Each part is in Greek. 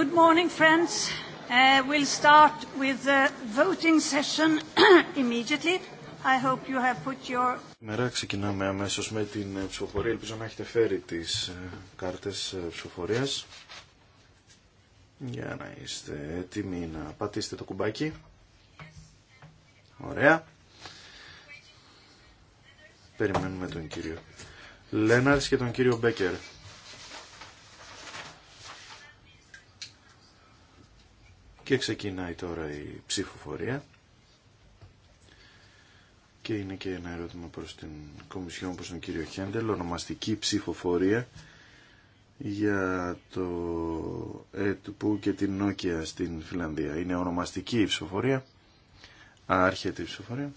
Good morning, friends. Uh, we'll start with the voting session immediately. I hope you have put your... ξεκινάμε αμέσως με την ε, ψηφοφορία. Ελπίζω να έχετε φέρει τις ε, κάρτες ε, ψηφοφορίας. Για να είστε έτοιμοι να πατήσετε το κουμπάκι. Ωραία. Περιμένουμε τον κύριο Λέναρ και τον κύριο Μπέκερ. Και ξεκινάει τώρα η ψηφοφορία. Και είναι και ένα ερώτημα προς την Κομισιόν, προς τον κύριο Χέντελ, ονομαστική ψηφοφορία για το ΕΤΠΟΥ και την Νόκια στην Φιλανδία. Είναι ονομαστική ψηφοφορία, άρχεται η ψηφοφορία.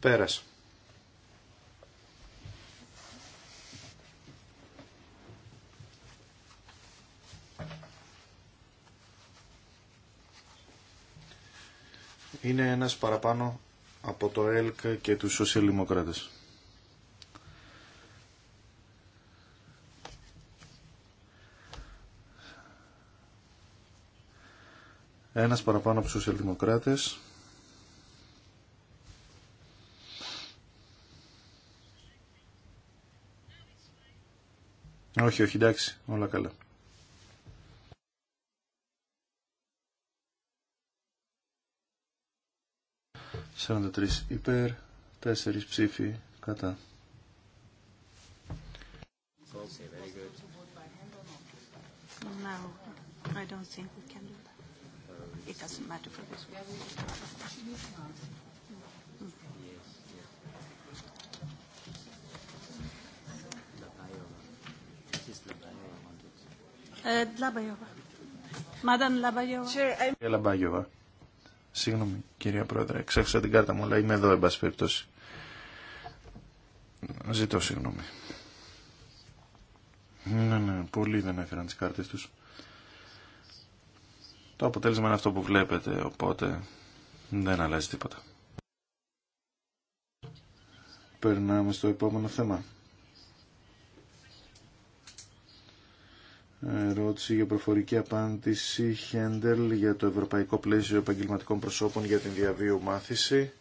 Πέρασε. είναι ένας παραπάνω από το ΕΛΚ και τους σοσιαλδημοκράτες. Ένας παραπάνω από τους σοσιαλδημοκράτες. Όχι, όχι, εντάξει, όλα καλά. 43 υπέρ, 4 ψήφοι κατά. Λαμπάγιοβα. Mm. Uh, Madame Λαμπάγιοβα. Συγγνώμη κυρία Πρόεδρε, ξέχασα την κάρτα μου, αλλά είμαι εδώ εν πάση περιπτώσει. Ζητώ συγγνώμη. Ναι, ναι, πολλοί δεν έφεραν τις κάρτες τους. Το αποτέλεσμα είναι αυτό που βλέπετε, οπότε δεν αλλάζει τίποτα. Περνάμε στο επόμενο θέμα. ερώτηση για προφορική απάντηση Χέντελ για το Ευρωπαϊκό Πλαίσιο Επαγγελματικών Προσώπων για την Διαβίου Μάθηση.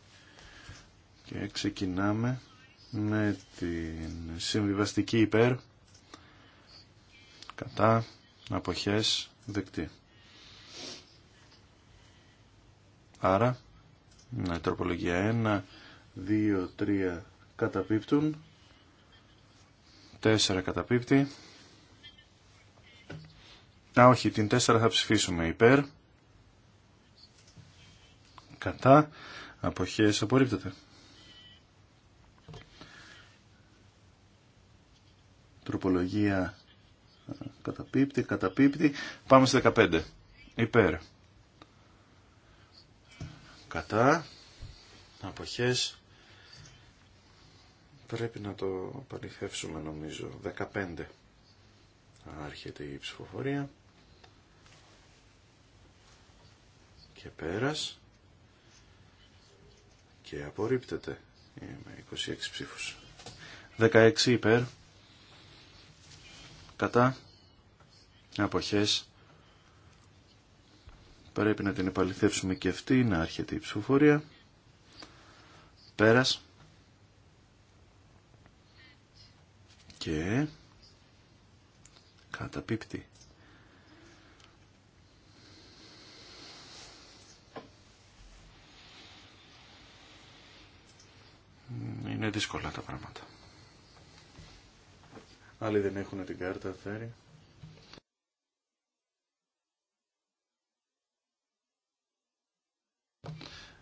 Και ξεκινάμε με την συμβιβαστική υπέρ, κατά, αποχές, δεκτή. Άρα, η τροπολογία 1, 2, 3 καταπίπτουν, 4 καταπίπτει, Α, όχι, την 4 θα ψηφίσουμε υπέρ. Κατά. Αποχές απορρίπτεται. Τροπολογία καταπίπτει, καταπίπτει. Πάμε στη 15. Υπέρ. Κατά. Αποχές. Πρέπει να το παρηθεύσουμε νομίζω. 15. Άρχεται η ψηφοφορία. και πέρας και απορρίπτεται με 26 ψήφους 16 υπέρ κατά αποχές πρέπει να την επαληθεύσουμε και αυτή να έρχεται η ψηφοφορία πέρας και καταπίπτει είναι δύσκολα τα πράγματα. Άλλοι δεν έχουν την κάρτα, φέρει.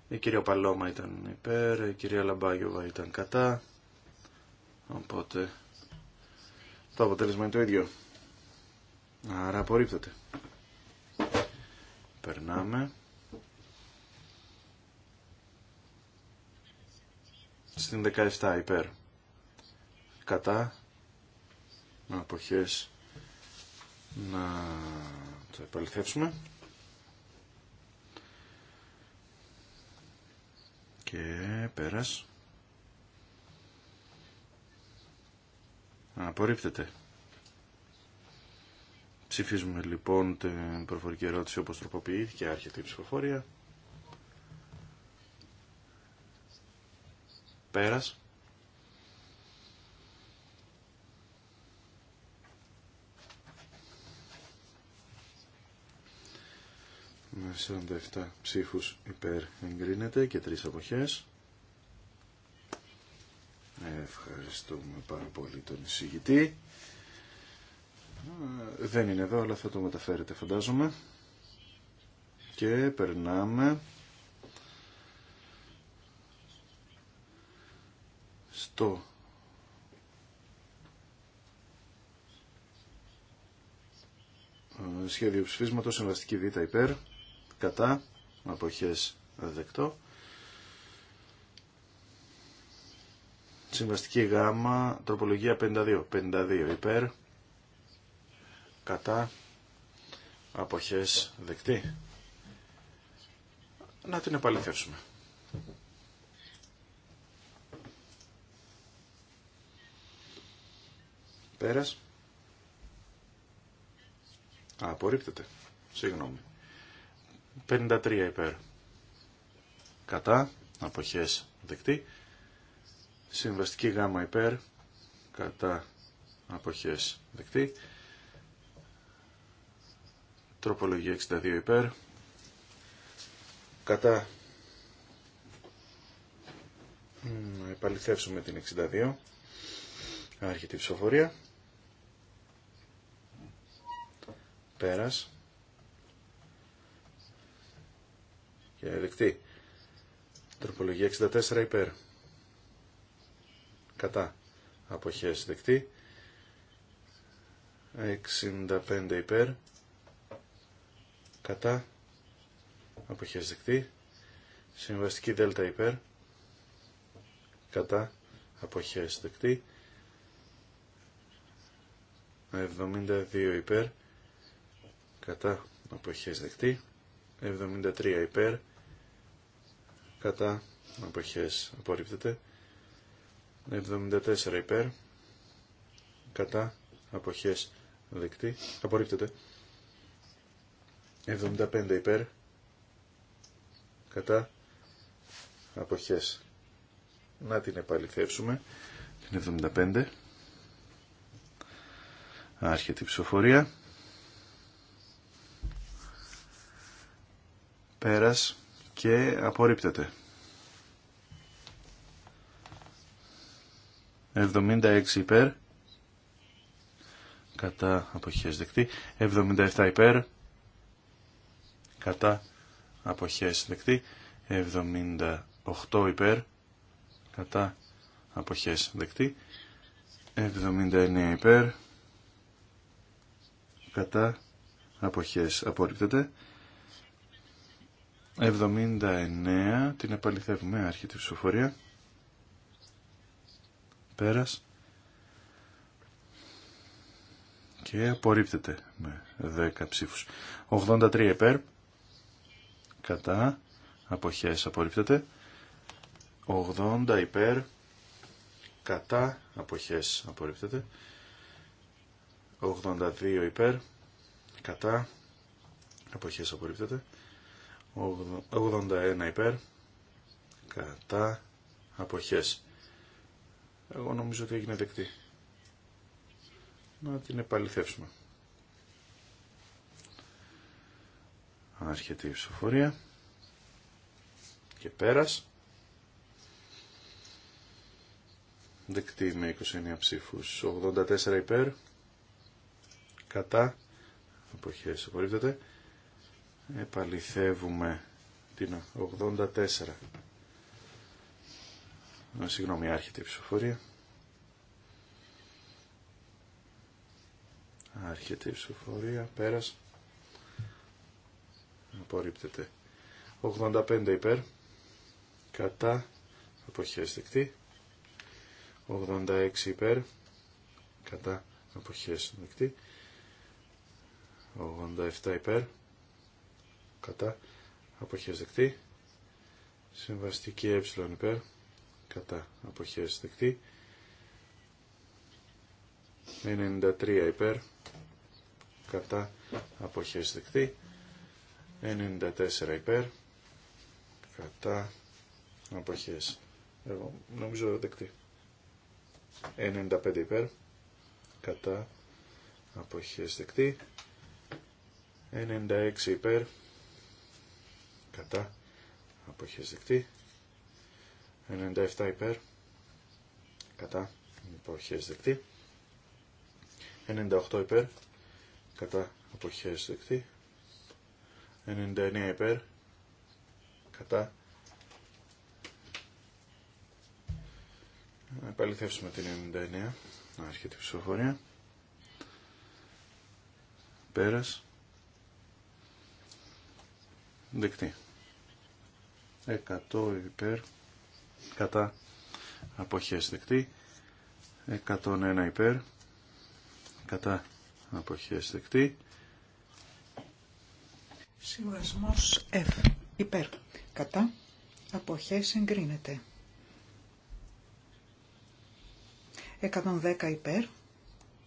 Η κυρία Παλώμα ήταν υπέρ, η κυρία Λαμπάγιοβα ήταν κατά. Οπότε το αποτέλεσμα είναι το ίδιο. Άρα απορρίπτεται. Περνάμε. στην 17 υπέρ. Κατά αποχές να το επαληθεύσουμε. Και πέρας. Απορρίπτεται. Ψηφίζουμε λοιπόν την προφορική ερώτηση όπως τροποποιήθηκε, άρχεται η ψηφοφορία. Πέρας. με 47 ψήφους υπέρ εγκρίνεται και τρεις αποχές. Ευχαριστούμε πάρα πολύ τον εισηγητή. Ε, δεν είναι εδώ, αλλά θα το μεταφέρετε φαντάζομαι. Και περνάμε Ε, σχέδιο ψηφίσματος, συμβαστική β υπέρ, κατά, αποχές δεκτό. Συμβαστική γάμα, τροπολογία 52, 52 υπέρ, κατά, αποχές δεκτή. Να την επαληθεύσουμε. Πέρας. Α, απορρίπτεται. Συγγνώμη. 53 υπέρ. Κατά. Αποχές δεκτή. Συμβαστική γάμα υπέρ. Κατά. Αποχές δεκτή. Τροπολογία 62 υπέρ. Κατά. Να επαληθεύσουμε την 62. Άρχεται η ψηφοφορία. Πέρας. Και δεκτή. Τροπολογία 64 υπέρ. Κατά. Αποχές δεκτή. 65 υπέρ. Κατά. Αποχές δεκτή. Συμβαστική δέλτα υπέρ. Κατά. Αποχές δεκτή. 72 υπέρ κατά αποχές δεκτή 73 υπέρ κατά αποχές απορρίπτεται 74 υπέρ κατά αποχές δεκτή απορρίπτεται 75 υπέρ κατά αποχές να την επαληθεύσουμε την 75 άρχεται η ψηφοφορία Πέρας και απορρίπτεται. 76 υπέρ. Κατά αποχές δεκτή. 77 υπέρ. Κατά αποχές δεκτή. 78 υπέρ. Κατά αποχές δεκτή. 79 υπέρ. Κατά αποχές απορρίπτεται. 79, την επαληθεύουμε, άρχη η ψηφοφορία. Πέρας. Και απορρίπτεται με 10 ψήφους. 83 υπέρ. Κατά. Αποχές απορρίπτεται. 80 υπέρ. Κατά. Αποχές απορρίπτεται. 82 υπέρ. Κατά. Αποχές απορρίπτεται. 81 υπέρ κατά αποχές. Εγώ νομίζω ότι έγινε δεκτή. Να την επαληθεύσουμε. Άρχεται η ψηφοφορία και πέρας. Δεκτή με 29 ψήφους. 84 υπέρ. Κατά. Αποχές απορρίπτεται επαληθεύουμε την 84. Συγγνώμη, άρχεται η ψηφοφορία. Άρχεται η ψηφοφορία, πέρας. Απορρίπτεται. 85 υπέρ. Κατά. Αποχές δεκτή. 86 υπέρ. Κατά. Αποχές δεκτή. 87 υπέρ κατά αποχές δεκτή. Συμβαστική ε υπέρ κατά αποχές δεκτή. 93 υπέρ κατά αποχές δεκτή. 94 υπέρ κατά αποχές. Εγώ νομίζω δεκτή. 95 υπέρ κατά αποχές δεκτή. 96 υπέρ κατά αποχές δεκτή 97 υπέρ κατά αποχές δεκτή 98 υπέρ κατά αποχές δεκτή 99 υπέρ κατά να επαληθεύσουμε την 99 να έρχεται η ψηφοφορία πέρας Δεκτή. 100 υπέρ κατά αποχές δεκτή. 101 υπέρ κατά αποχές δεκτή. Συμβασμός F υπέρ κατά αποχές εγκρίνεται. 110 υπέρ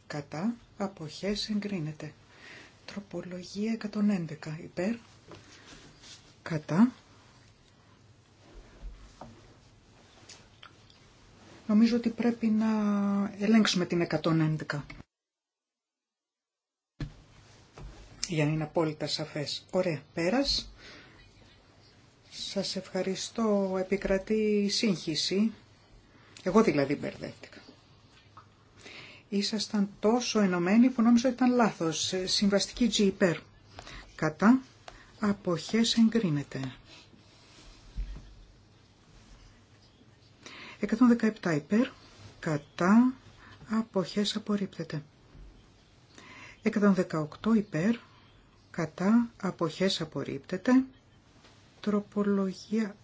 κατά αποχές εγκρίνεται. Τροπολογία 111 υπέρ Κατά. Νομίζω ότι πρέπει να ελέγξουμε την 111. Για να είναι απόλυτα σαφές. Ωραία. Πέρας. Σας ευχαριστώ. Επικρατεί σύγχυση. Εγώ δηλαδή μπερδεύτηκα. Ήσασταν τόσο ενωμένοι που νόμιζα ήταν λάθος. Συμβαστική G υπέρ. Κατά αποχές εγκρίνεται. 117 υπέρ, κατά, αποχές απορρίπτεται. 118 υπέρ, κατά, αποχές απορρίπτεται. Τροπολογία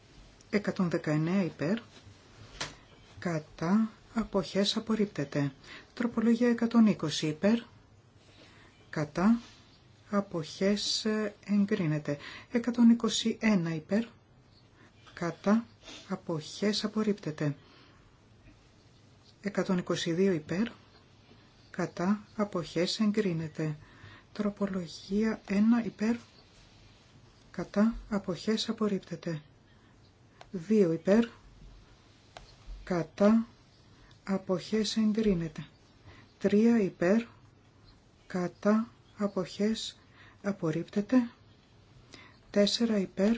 119 υπέρ, κατά, αποχές απορρίπτεται. Τροπολογία 120 υπέρ, κατά, αποχές ε, εγκρίνεται. 121 υπέρ, κατά, αποχές απορρίπτεται. 122 υπέρ, κατά, αποχές εγκρίνεται. Τροπολογία 1 υπέρ, κατά, αποχές απορρίπτεται. 2 υπέρ, κατά, αποχές εγκρίνεται. 3 υπέρ, κατά, αποχές απορρίπτεται 4 υπέρ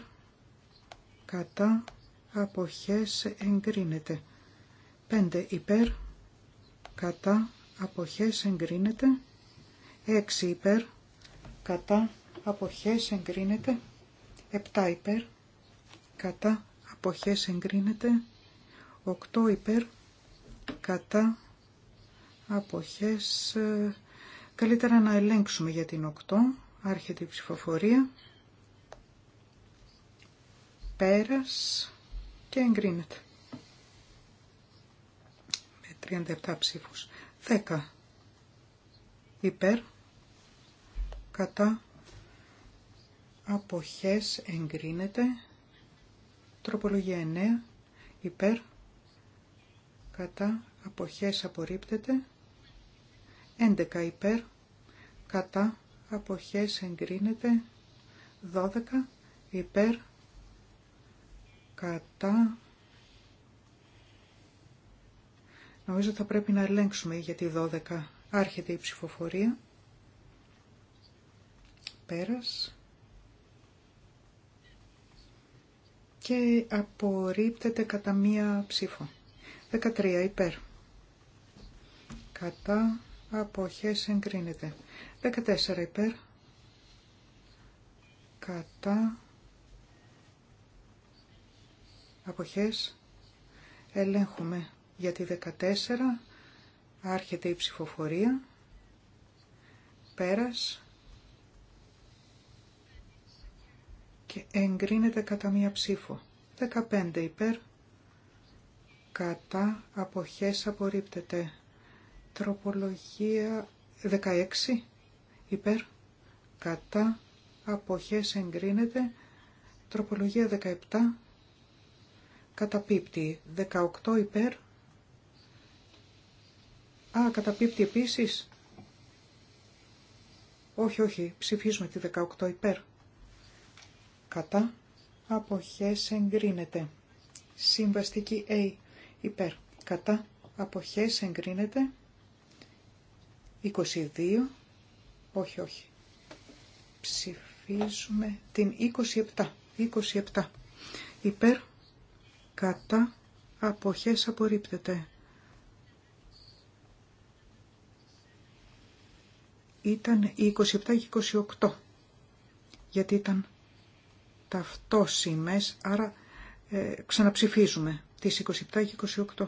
κατά αποχές εγκρίνεται 5 υπέρ κατά αποχές εγκρίνεται 6 υπέρ κατά αποχές εγκρίνεται 7 υπέρ κατά αποχές εγκρίνεται 8 υπέρ κατά αποχές ε, καλύτερα να ελέγξουμε για την 8 Άρχεται η ψηφοφορία. Πέρας και εγκρίνεται. Με 37 ψήφους. 10 υπέρ κατά αποχές εγκρίνεται. Τροπολογία 9 υπέρ κατά αποχές απορρίπτεται. 11 υπέρ κατά αποχές εγκρίνεται 12 υπέρ κατά νομίζω θα πρέπει να ελέγξουμε γιατί 12 άρχεται η ψηφοφορία πέρας και απορρίπτεται κατά μία ψήφο 13 υπέρ κατά αποχές εγκρίνεται 14 υπέρ. Κατά. Αποχές. Ελέγχουμε για τη 14. Άρχεται η ψηφοφορία. Πέρας. Και εγκρίνεται κατά μία ψήφο. 15 υπέρ. Κατά. Αποχές απορρίπτεται. Τροπολογία 16 υπέρ, κατά, αποχές εγκρίνεται, τροπολογία 17, καταπίπτει, 18 υπέρ, α, καταπίπτει επίσης, όχι, όχι, ψηφίζουμε τη 18 υπέρ, κατά, αποχές εγκρίνεται, συμβαστική A υπέρ, κατά, αποχές εγκρίνεται, 22 όχι, όχι. Ψηφίζουμε την 27. 27. Υπέρ, κατά, αποχές απορρίπτεται. Ήταν η 27 και 28. Γιατί ήταν ταυτόσημες, άρα ε, ξαναψηφίζουμε τις 27 και 28.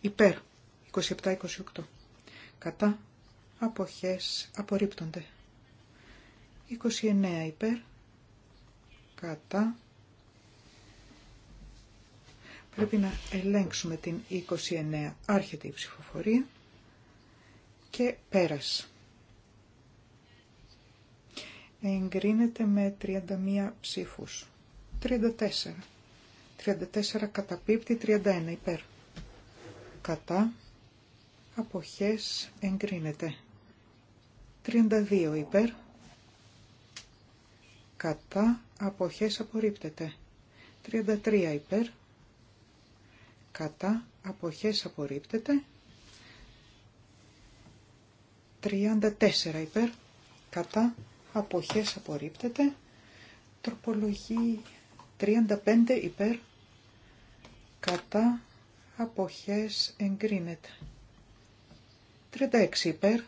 Υπέρ 27-28. Κατά αποχές απορρίπτονται. 29 υπέρ. Κατά. Πρέπει να ελέγξουμε την 29. Άρχεται η ψηφοφορία. Και πέρας. Εγκρίνεται με 31 ψήφους. 34. 34 καταπίπτει 31 υπέρ. Κατά αποχές εγκρίνεται. 32 υπέρ, κατά αποχές απορρίπτεται. 33 υπέρ, κατά αποχές απορρίπτεται. 34 υπέρ, κατά αποχές απορρίπτεται. Τροπολογή 35 υπέρ, κατά αποχές εγκρίνεται. 36 υπέρ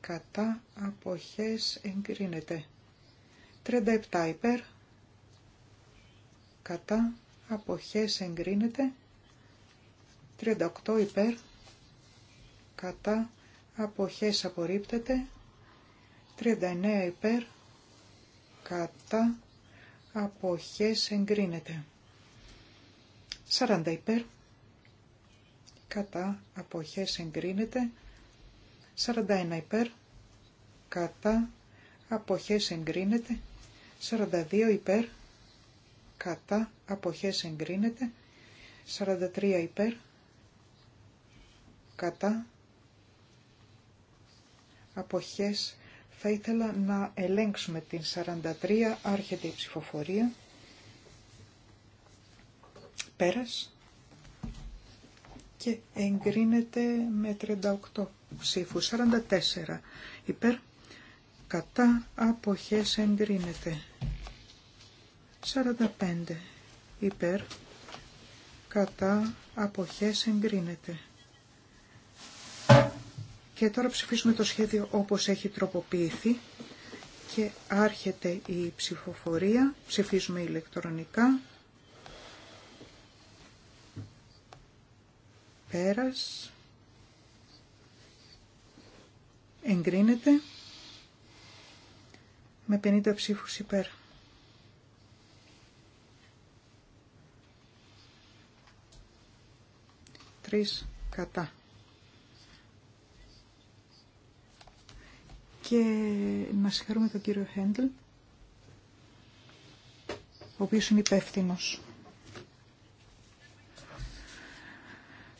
κατά αποχές εγκρίνεται. 37 υπέρ κατά αποχές εγκρίνεται. 38 υπέρ κατά αποχές απορρίπτεται. 39 υπέρ κατά αποχές εγκρίνεται. 40 υπέρ κατά αποχές εγκρίνεται 41 υπέρ κατά αποχές εγκρίνεται 42 υπέρ κατά αποχές εγκρίνεται 43 υπέρ κατά αποχές θα ήθελα να ελέγξουμε την 43 άρχεται η ψηφοφορία πέρας και εγκρίνεται με 38 ψήφους. 44 υπέρ κατά αποχές εγκρίνεται. 45 υπέρ κατά αποχές εγκρίνεται. Και τώρα ψηφίσουμε το σχέδιο όπως έχει τροποποιηθεί και άρχεται η ψηφοφορία. Ψηφίζουμε ηλεκτρονικά. εγκρίνεται με 50 ψήφους υπέρ. Τρεις κατά. Και να συγχαρούμε τον κύριο Χέντλ, ο οποίος είναι υπεύθυνος.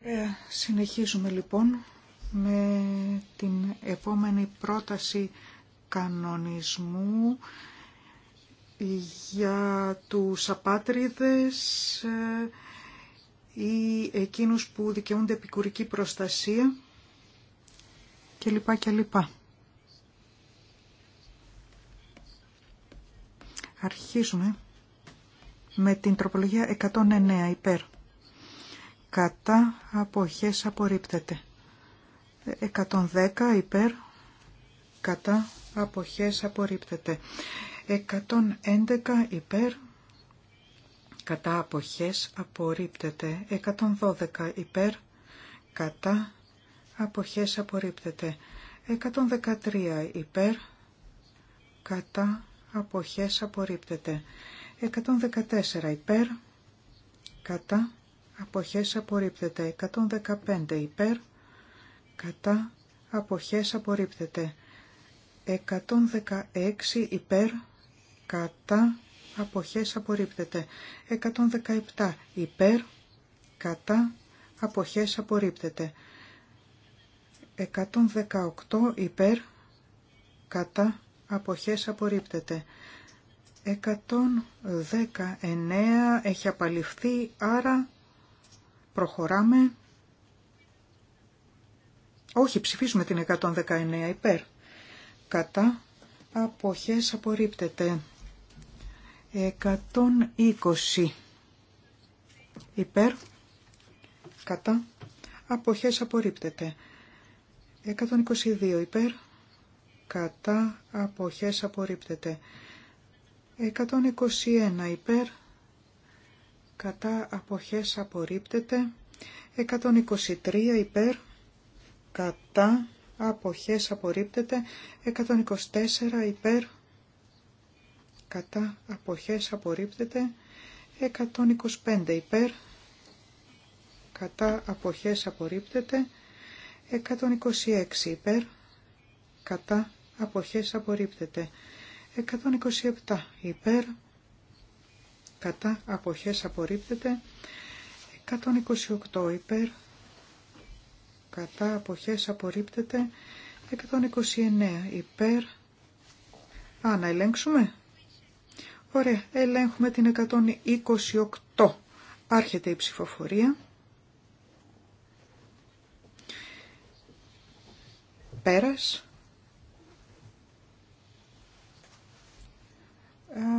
Ε, συνεχίζουμε λοιπόν με την επόμενη πρόταση κανονισμού για τους απάτριδες ε, ή εκείνους που δικαιούνται επικουρική προστασία και λοιπά και λοιπά. Αρχίζουμε με την τροπολογία 109 υπέρ. Κατά αποχές απορρίπτεται. 110 υπέρ. Κατά αποχές απορρίπτεται. 111 υπέρ. Κατά αποχές απορρίπτεται. 112 υπέρ. Κατά αποχές απορρίπτεται. 113 υπέρ. Κατά αποχές απορρίπτεται. 114 υπέρ, κατά, αποχές απορρίπτεται. 115 υπέρ, κατά, αποχές απορρίπτεται. 116 υπέρ, κατά, αποχές απορρίπτεται. 117 υπέρ, κατά, αποχές απορρίπτεται. 118 υπέρ, κατά, αποχές απορρίπτεται. 119 έχει απαλληφθεί, άρα προχωράμε. Όχι, ψηφίσουμε την 119 υπέρ. Κατά αποχές απορρίπτεται. 120 υπέρ. Κατά αποχές απορρίπτεται. 122 υπέρ. Κατά αποχές απορρίπτεται. 121 υπέρ, κατά αποχές απορρίπτεται. 123 υπέρ, κατά αποχές απορρίπτεται. 124 υπέρ, κατά αποχές απορρίπτεται. 125 υπέρ, κατά αποχές απορρίπτεται. 126 υπέρ, κατά αποχές απορρίπτεται. 127 υπέρ, κατά αποχές απορρίπτεται. 128 υπέρ, κατά αποχές απορρίπτεται. 129 υπέρ. Α, να ελέγξουμε. Ωραία, ελέγχουμε την 128. Άρχεται η ψηφοφορία. Πέρας.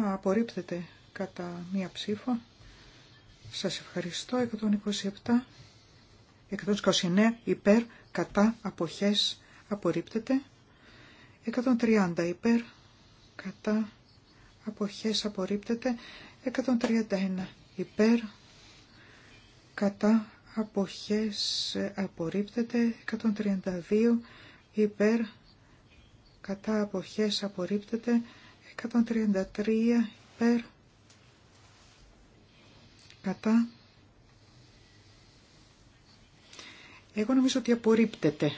απορρίπτεται κατά μία ψήφο. Σας ευχαριστώ. 127, 129 υπέρ, κατά, αποχές, απορρίπτεται. 130 υπέρ, κατά, αποχές, απορρίπτεται. 131 υπέρ, κατά, αποχές, απορρίπτεται. 132 υπέρ, κατά, αποχές, απορρίπτεται. 133 υπέρ κατά. Εγώ νομίζω ότι απορρίπτεται.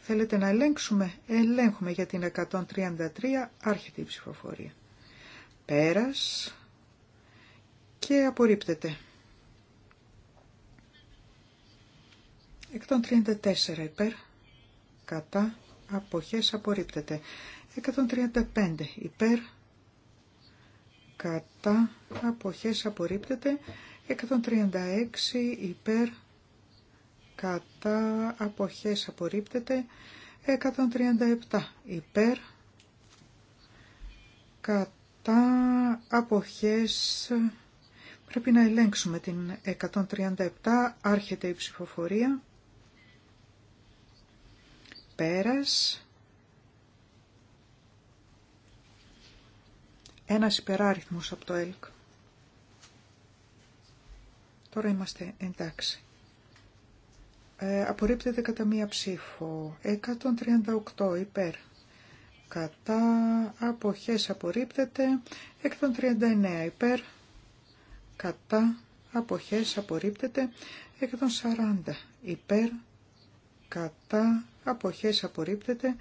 Θέλετε να ελέγξουμε. Ελέγχουμε για την 133 άρχεται η ψηφοφορία. Πέρας και απορρίπτεται. 134 υπέρ κατά αποχές απορρίπτεται. 135 υπέρ κατά αποχές απορρίπτεται 136 υπέρ κατά αποχές απορρίπτεται 137 υπέρ κατά αποχές πρέπει να ελέγξουμε την 137 άρχεται η ψηφοφορία πέρας Ένας υπεράριθμος από το ΕΛΚ. Τώρα είμαστε εντάξει. Ε, απορρίπτεται κατά μία ψήφο. 138 υπέρ. Κατά αποχές απορρίπτεται. 139 υπέρ. Κατά αποχές απορρίπτεται. 140 υπέρ. Κατά αποχές απορρίπτεται.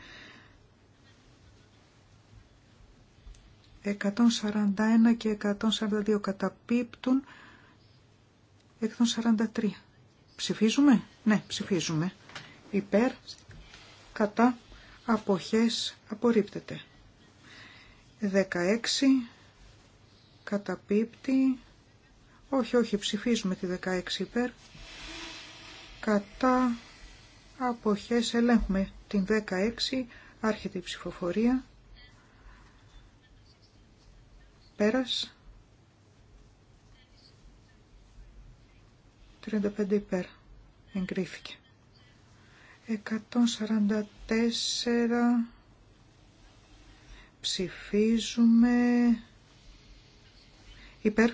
141 και 142 καταπίπτουν 143. Ψηφίζουμε? Ναι, ψηφίζουμε. Υπέρ, κατά, αποχές, απορρίπτεται. 16, καταπίπτει, όχι, όχι, ψηφίζουμε τη 16 υπέρ, κατά, αποχές, ελέγχουμε την 16, άρχεται η ψηφοφορία. Πέρας. 35 υπέρ. Εγκρίθηκε. 144 ψηφίζουμε υπέρ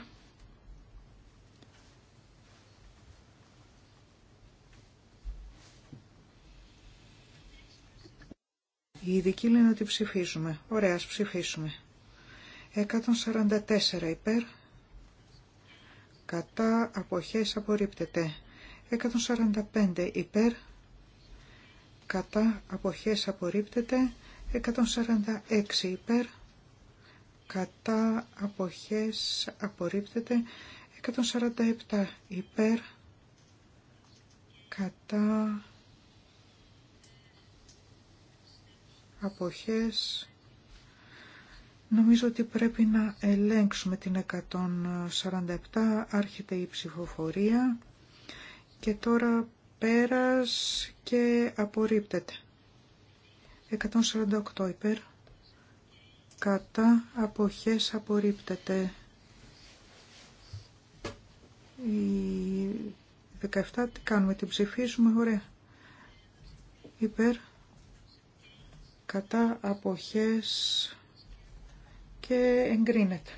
Η ειδική λένε ότι ψηφίζουμε. Ωραία, ας ψηφίσουμε. 144 υπέρ, κατά αποχές απορρίπτεται. 145 υπέρ, κατά αποχές απορρίπτεται. 146 υπέρ, κατά αποχές απορρίπτεται. 147 υπέρ, κατά αποχές Νομίζω ότι πρέπει να ελέγξουμε την 147, άρχεται η ψηφοφορία και τώρα πέρας και απορρίπτεται. 148 υπέρ, κατά αποχές απορρίπτεται. Η 17 τι κάνουμε, την ψηφίζουμε, ωραία. Υπέρ, κατά αποχές και εγκρίνεται.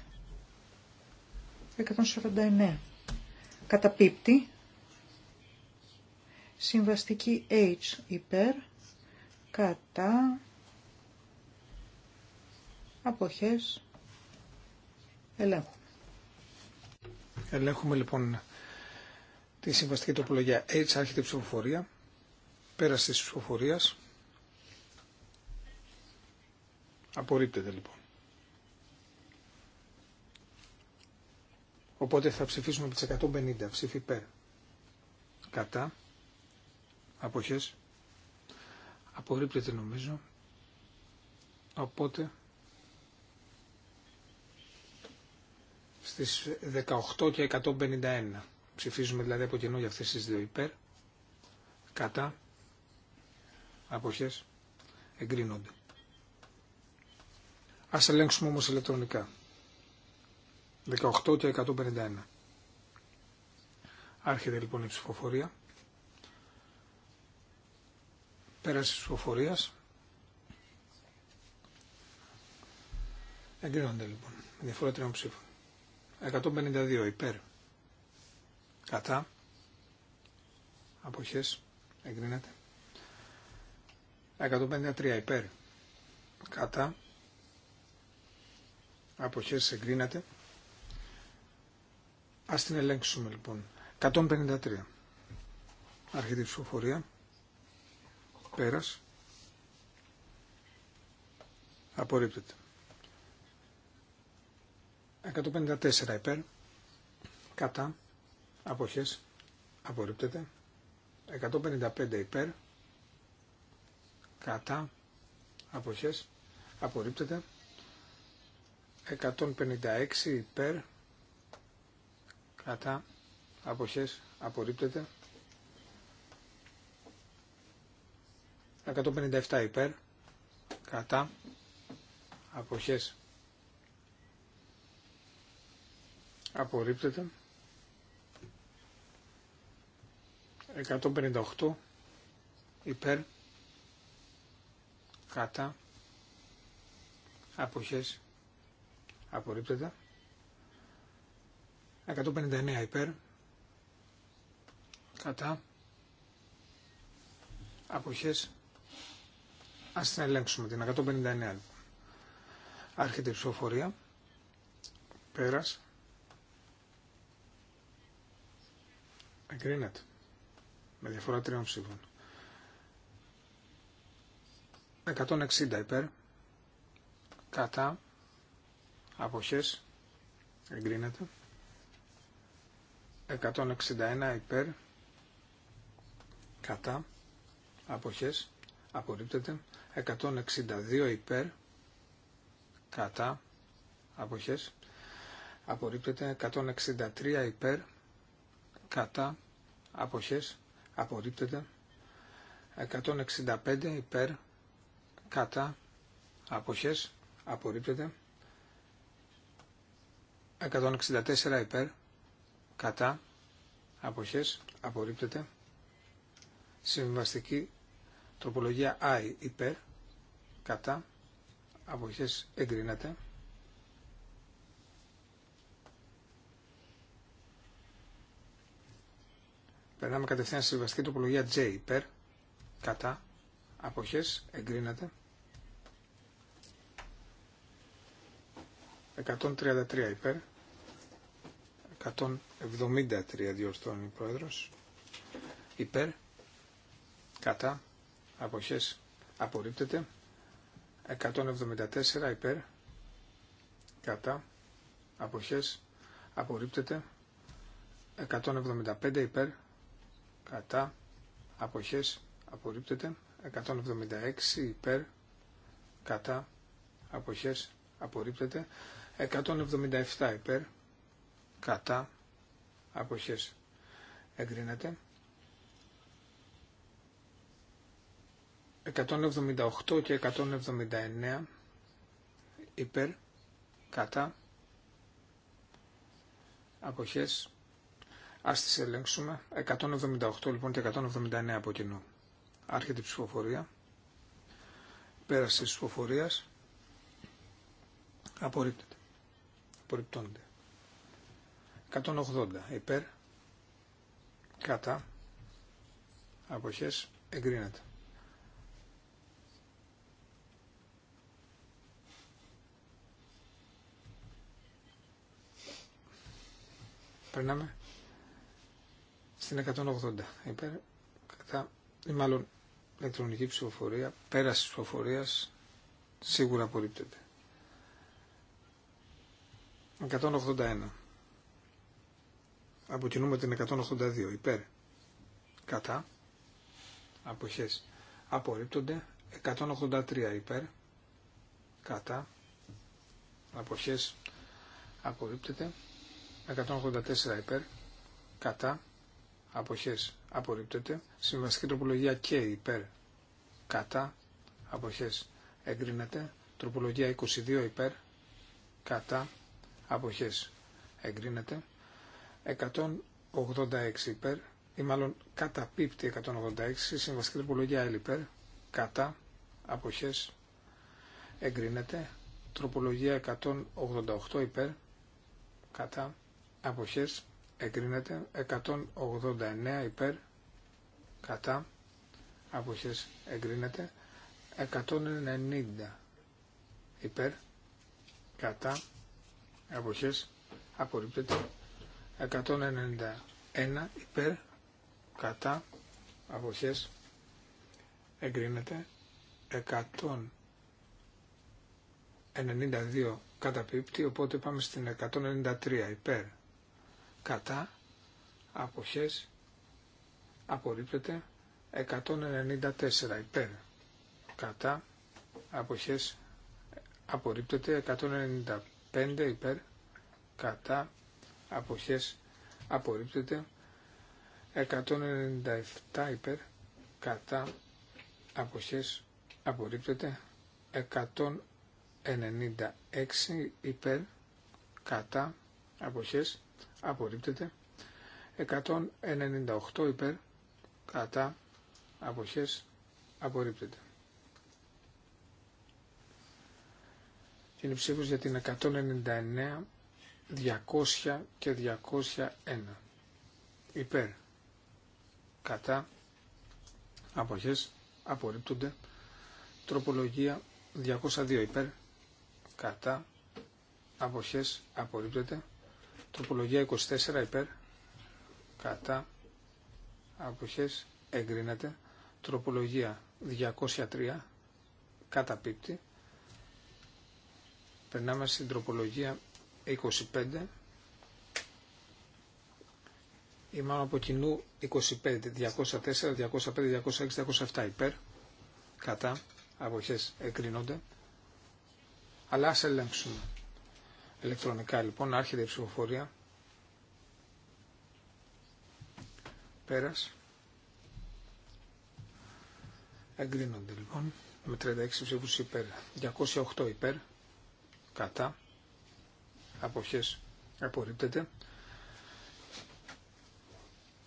149. Καταπίπτει. Συμβαστική H υπέρ. Κατά. Αποχές. Ελέγχουμε. Ελέγχουμε λοιπόν τη συμβαστική τοπολογία H, άρχεται η ψηφοφορία, πέραση της ψηφοφορίας. Απορρίπτεται λοιπόν. Οπότε θα ψηφίσουμε από τις 150. Ψήφι υπέρ. Κατά. Αποχές. Απορρίπτεται νομίζω. Οπότε στις 18 και 151. Ψηφίζουμε δηλαδή από κοινό για αυτές τις δύο υπέρ. Κατά. Αποχές. Εγκρίνονται. Ας ελέγξουμε όμως ηλεκτρονικά. 18 και 151. Άρχεται λοιπόν η ψηφοφορία. Πέραση της ψηφοφορίας. Εγκρίνονται λοιπόν. Διαφορά τριών ψήφων. 152 υπέρ. Κατά. Αποχές. Εγκρίνεται. 153 υπέρ. Κατά. Αποχές εγκρίνεται. Ας την ελέγξουμε λοιπόν. 153. Αρχή ψηφοφορία. Πέρας. Απορρίπτεται. 154 υπέρ. Κατά. Αποχές. Απορρίπτεται. 155 υπέρ. Κατά. Αποχές. Απορρίπτεται. 156 υπέρ κατά αποχές απορρίπτεται 157 υπέρ κατά αποχές απορρίπτεται 158 υπέρ κατά αποχές απορρίπτεται 159 υπέρ. Κατά. Αποχές. Ας την ελέγξουμε την 159. Λοιπόν. Άρχεται η ψηφοφορία. Πέρας. Εγκρίνεται. Με διαφορά τριών ψήφων. 160 υπέρ. Κατά. Αποχές. Εγκρίνεται. 161 υπέρ κατά αποχές απορρίπτεται 162 υπέρ κατά αποχές απορρίπτεται 163 υπέρ κατά αποχές απορρίπτεται 165 υπέρ κατά αποχές απορρίπτεται 164 υπέρ κατά αποχές απορρίπτεται συμβαστική τροπολογία I υπέρ κατά αποχές εγκρίνεται Περνάμε κατευθείαν στη συμβαστική τροπολογία J υπέρ κατά αποχές εγκρίνεται 133 υπέρ 173 διορθώνει ο Πρόεδρος. Υπέρ. Κατά. Αποχές. Απορρίπτεται. 174 υπέρ. Κατά. Αποχές. Απορρίπτεται. 175 υπέρ. Κατά. Αποχές. Απορρίπτεται. 176 υπέρ. Κατά. Αποχές. Απορρίπτεται. 177 υπέρ κατά αποχές εγκρίνεται 178 και 179 υπέρ κατά αποχές ας τις ελέγξουμε 178 λοιπόν και 179 από κοινού άρχεται η ψηφοφορία πέραση της ψηφοφορίας απορρίπτεται 180 υπέρ κατά αποχές εγκρίνεται. Περνάμε στην 180 υπέρ κατά ή μάλλον ηλεκτρονική ψηφοφορία, πέραση ψηφοφορίας σίγουρα απορρίπτεται. 181 Αποκινούμε την 182 υπέρ κατά αποχές απορρίπτονται 183 υπέρ κατά αποχές απορρίπτεται 184 υπέρ κατά αποχές απορρίπτεται συμβαστική τροπολογία και υπέρ κατά αποχές εγκρίνεται τροπολογία 22 υπέρ κατά αποχές εγκρίνεται 186 υπέρ, ή μάλλον καταπίπτει 186, συμβαστική τροπολογία L υπέρ, κατά, αποχές, εγκρίνεται, τροπολογία 188 υπέρ, κατά, αποχές, εγκρίνεται, 189 υπέρ, κατά, αποχές, εγκρίνεται, 190 υπέρ, κατά, αποχές, απορρίπτεται, 191 υπέρ κατά αποχές εγκρίνεται 192 πίπτη οπότε πάμε στην 193 υπέρ κατά αποχές απορρίπτεται 194 υπέρ κατά αποχές απορρίπτεται 195 υπέρ κατά αποχές απορρίπτεται 197 υπέρ κατά αποχές απορρίπτεται 196 υπέρ κατά αποχές απορρίπτεται 198 υπέρ κατά αποχές απορρίπτεται. Και είναι ψήφος για την 199 200 και 201 υπέρ κατά αποχές απορρίπτονται τροπολογία 202 υπέρ κατά αποχές απορρίπτεται τροπολογία 24 υπέρ κατά αποχές εγκρίνεται τροπολογία 203 καταπίπτει περνάμε στην τροπολογία 25 ή μάλλον από κοινού 25, 204, 205, 206, 207 υπέρ, κατά, αποχές εκρίνονται. Αλλά ας ελέγξουμε ηλεκτρονικά λοιπόν, άρχεται η ψηφοφορία. Πέρας. Εγκρίνονται λοιπόν με 36 ψήφους υπέρ, 208 υπέρ, κατά, ποιες απορρίπτεται.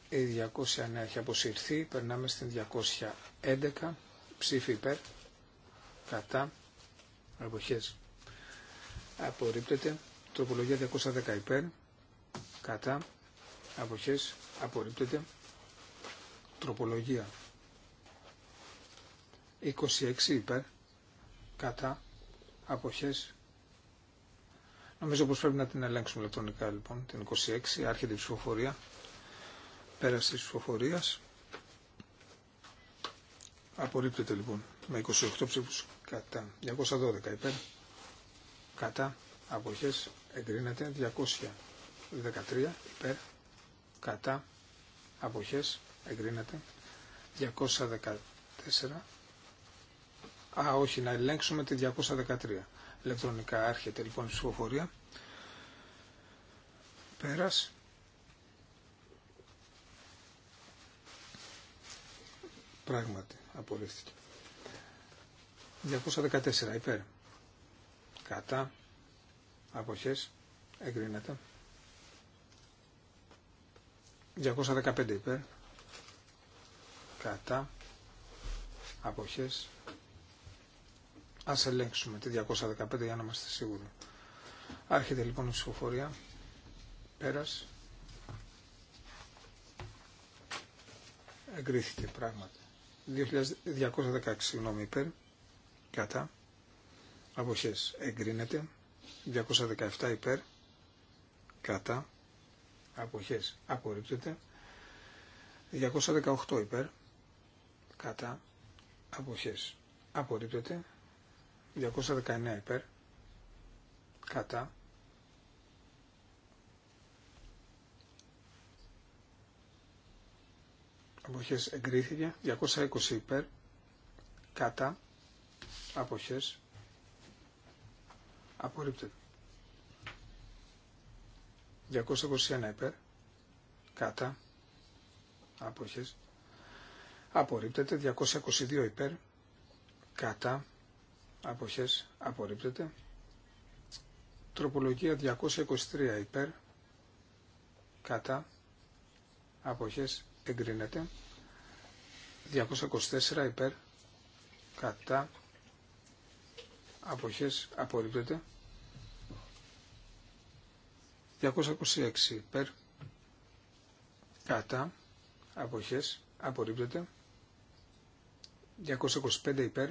Η 209 έχει αποσυρθεί. Περνάμε στην 211. Ψήφι υπέρ. Κατά. Αποχές. Απορρίπτεται. Τροπολογία 210 υπέρ. Κατά. Αποχές. Απορρίπτεται. Τροπολογία. 26 υπέρ. Κατά. Αποχές. Νομίζω πως πρέπει να την ελέγξουμε ηλεκτρονικά λοιπόν, την 26, άρχεται η ψηφοφορία, πέραση της ψηφοφορίας. Απορρίπτεται λοιπόν με 28 ψήφους κατά 212 υπέρ, κατά αποχές εγκρίνεται 213 υπέρ, κατά αποχές εγκρίνεται 214. Α, όχι, να ελέγξουμε τη 213 ηλεκτρονικά. Άρχεται λοιπόν η ψηφοφορία. Πέρας. Πράγματι, απορρίφθηκε. 214 υπέρ. Κατά. Αποχές. Εγκρίνεται. 215 υπέρ. Κατά. Αποχές. Ας ελέγξουμε τη 215 για να είμαστε σίγουροι. Άρχεται λοιπόν η ψηφοφορία. Πέρας. Εγκρίθηκε πράγματι. 216 συγγνώμη υπέρ. Κατά. Αποχές. Εγκρίνεται. 217 υπέρ. Κατά. Αποχές. Απορρίπτεται. 218 υπέρ. Κατά. Αποχές. Απορρίπτεται. 219 υπέρ. Κατά. Αποχές εγκρίθηκε. 220 υπέρ. Κατά. Αποχές. Απορρίπτεται. 221 υπέρ. Κατά. Αποχές. Απορρίπτεται. 222 υπέρ. Κατά αποχές απορρίπτεται. Τροπολογία 223 υπέρ, κατά, αποχές εγκρίνεται. 224 υπέρ, κατά, αποχές απορρίπτεται. 226 υπέρ, κατά, αποχές απορρίπτεται. 225 υπέρ,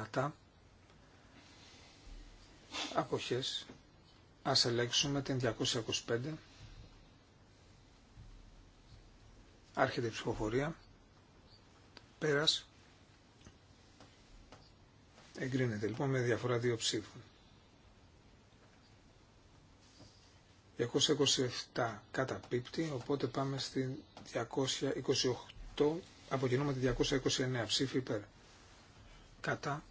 κατά αποχές ας ελέγξουμε την 225 άρχεται η ψηφοφορία πέρας εγκρίνεται λοιπόν με διαφορά δύο ψήφων 227 καταπίπτει οπότε πάμε στην 228 αποκινούμε τη 229 ψήφι Πέρα κατά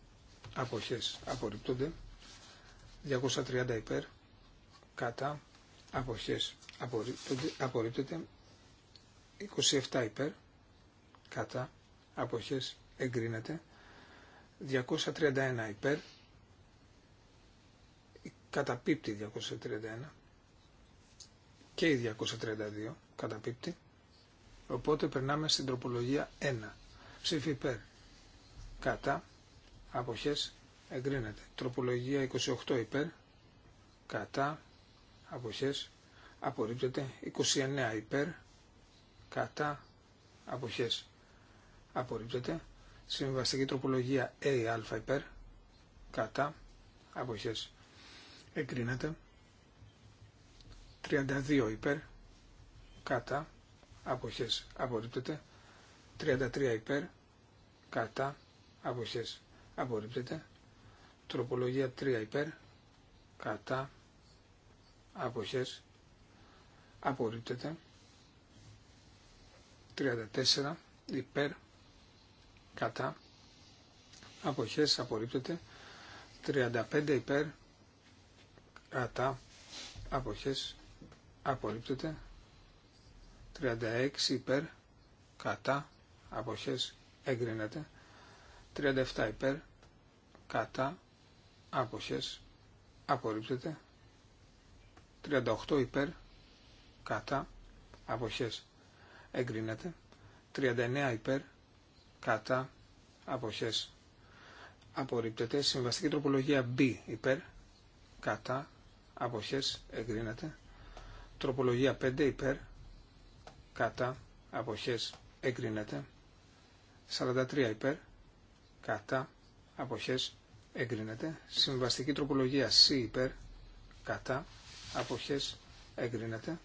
αποχές απορρίπτονται 230 υπέρ κατά αποχές απορρίπτονται 27 υπέρ κατά αποχές εγκρίνεται 231 υπέρ καταπίπτει 231 και η 232 καταπίπτει οπότε περνάμε στην τροπολογία 1 ψήφι υπέρ κατά αποχές εγκρίνεται. Τροπολογία 28 υπέρ, κατά, αποχές απορρίπτεται. 29 υπέρ, κατά, αποχές απορρίπτεται. Συμβαστική τροπολογία α υπέρ, κατά, αποχές εγκρίνεται. 32 υπέρ, κατά, αποχές απορρίπτεται. 33 υπέρ, κατά, αποχές απορρίπτεται. Τροπολογία 3 υπέρ, κατά, αποχές, απορρίπτεται. 34 υπέρ, κατά, αποχές, απορρίπτεται. 35 υπέρ, κατά, αποχές, απορρίπτεται. 36 υπέρ, κατά, αποχές, εγκρίνεται. 37 υπέρ, κατά, άποχες, απορρίπτεται. 38 υπέρ, κατά, αποχές, εγκρίνεται. 39 υπέρ, κατά, αποχές, απορρίπτεται. Συμβαστική τροπολογία B υπέρ, κατά, αποχές, εγκρίνεται. Τροπολογία 5 υπέρ, κατά, αποχές, εγκρίνεται. 43 υπέρ, κατά αποχές εγκρίνεται. Συμβαστική τροπολογία C υπέρ κατά αποχές εγκρίνεται.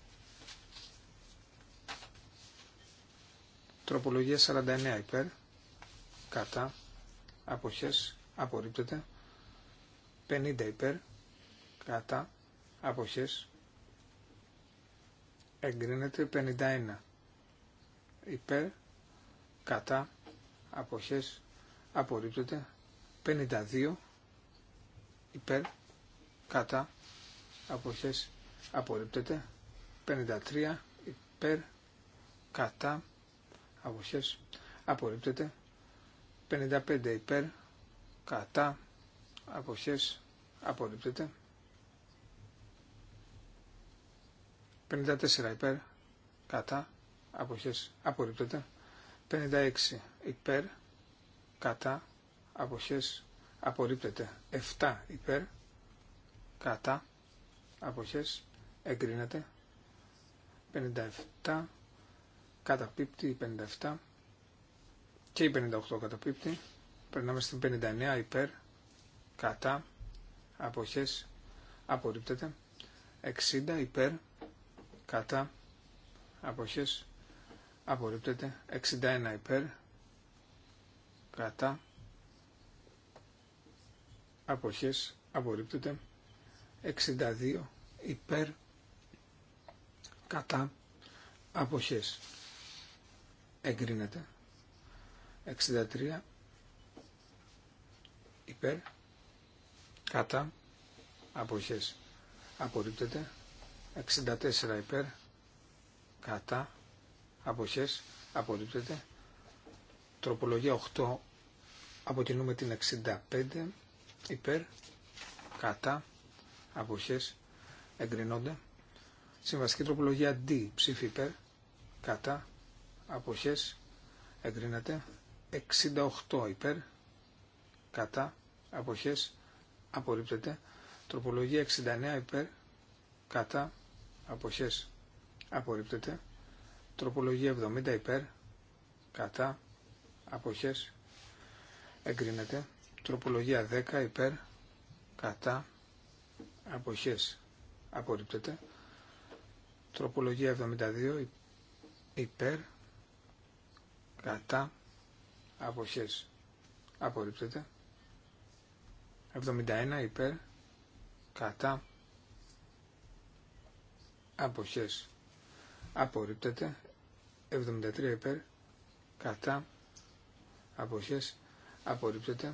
Τροπολογία 49 υπέρ κατά αποχές απορρίπτεται. 50 υπέρ κατά αποχές εγκρίνεται 51 υπέρ κατά αποχές απορρίπτεται 52 υπέρ κατά αποχές απορρίπτεται 53 υπέρ κατά αποχές απορρίπτεται 55 υπέρ κατά αποχές απορρίπτεται 54 υπέρ κατά αποχές απορρίπτεται 56 υπέρ κατά αποχές απορρίπτεται 7 υπέρ κατά αποχές εγκρίνεται 57 καταπίπτει 57 και η 58 καταπίπτει περνάμε στην 59 υπέρ κατά αποχές απορρίπτεται 60 υπέρ κατά αποχές απορρίπτεται 61 υπέρ κατά αποχές απορρίπτεται 62 υπέρ κατά αποχές εγκρίνεται 63 υπέρ κατά αποχές απορρίπτεται 64 υπέρ κατά αποχές απορρίπτεται τροπολογία 8 Αποκινούμε την 65 υπέρ, κατά, αποχές, εγκρινώνται. Συμβαστική τροπολογία D, ψήφι υπέρ, κατά, αποχές, εγκρίνεται. 68 υπέρ, κατά, αποχές, απορρίπτεται. Τροπολογία 69 υπέρ, κατά, αποχές, απορρίπτεται. Τροπολογία 70 υπέρ, κατά, αποχές, εγκρίνεται. Τροπολογία 10 υπέρ κατά αποχές απορρίπτεται. Τροπολογία 72 υπέρ κατά αποχές απορρίπτεται. 71 υπέρ κατά αποχές απορρίπτεται. 73 υπέρ κατά αποχές απορρίπτεται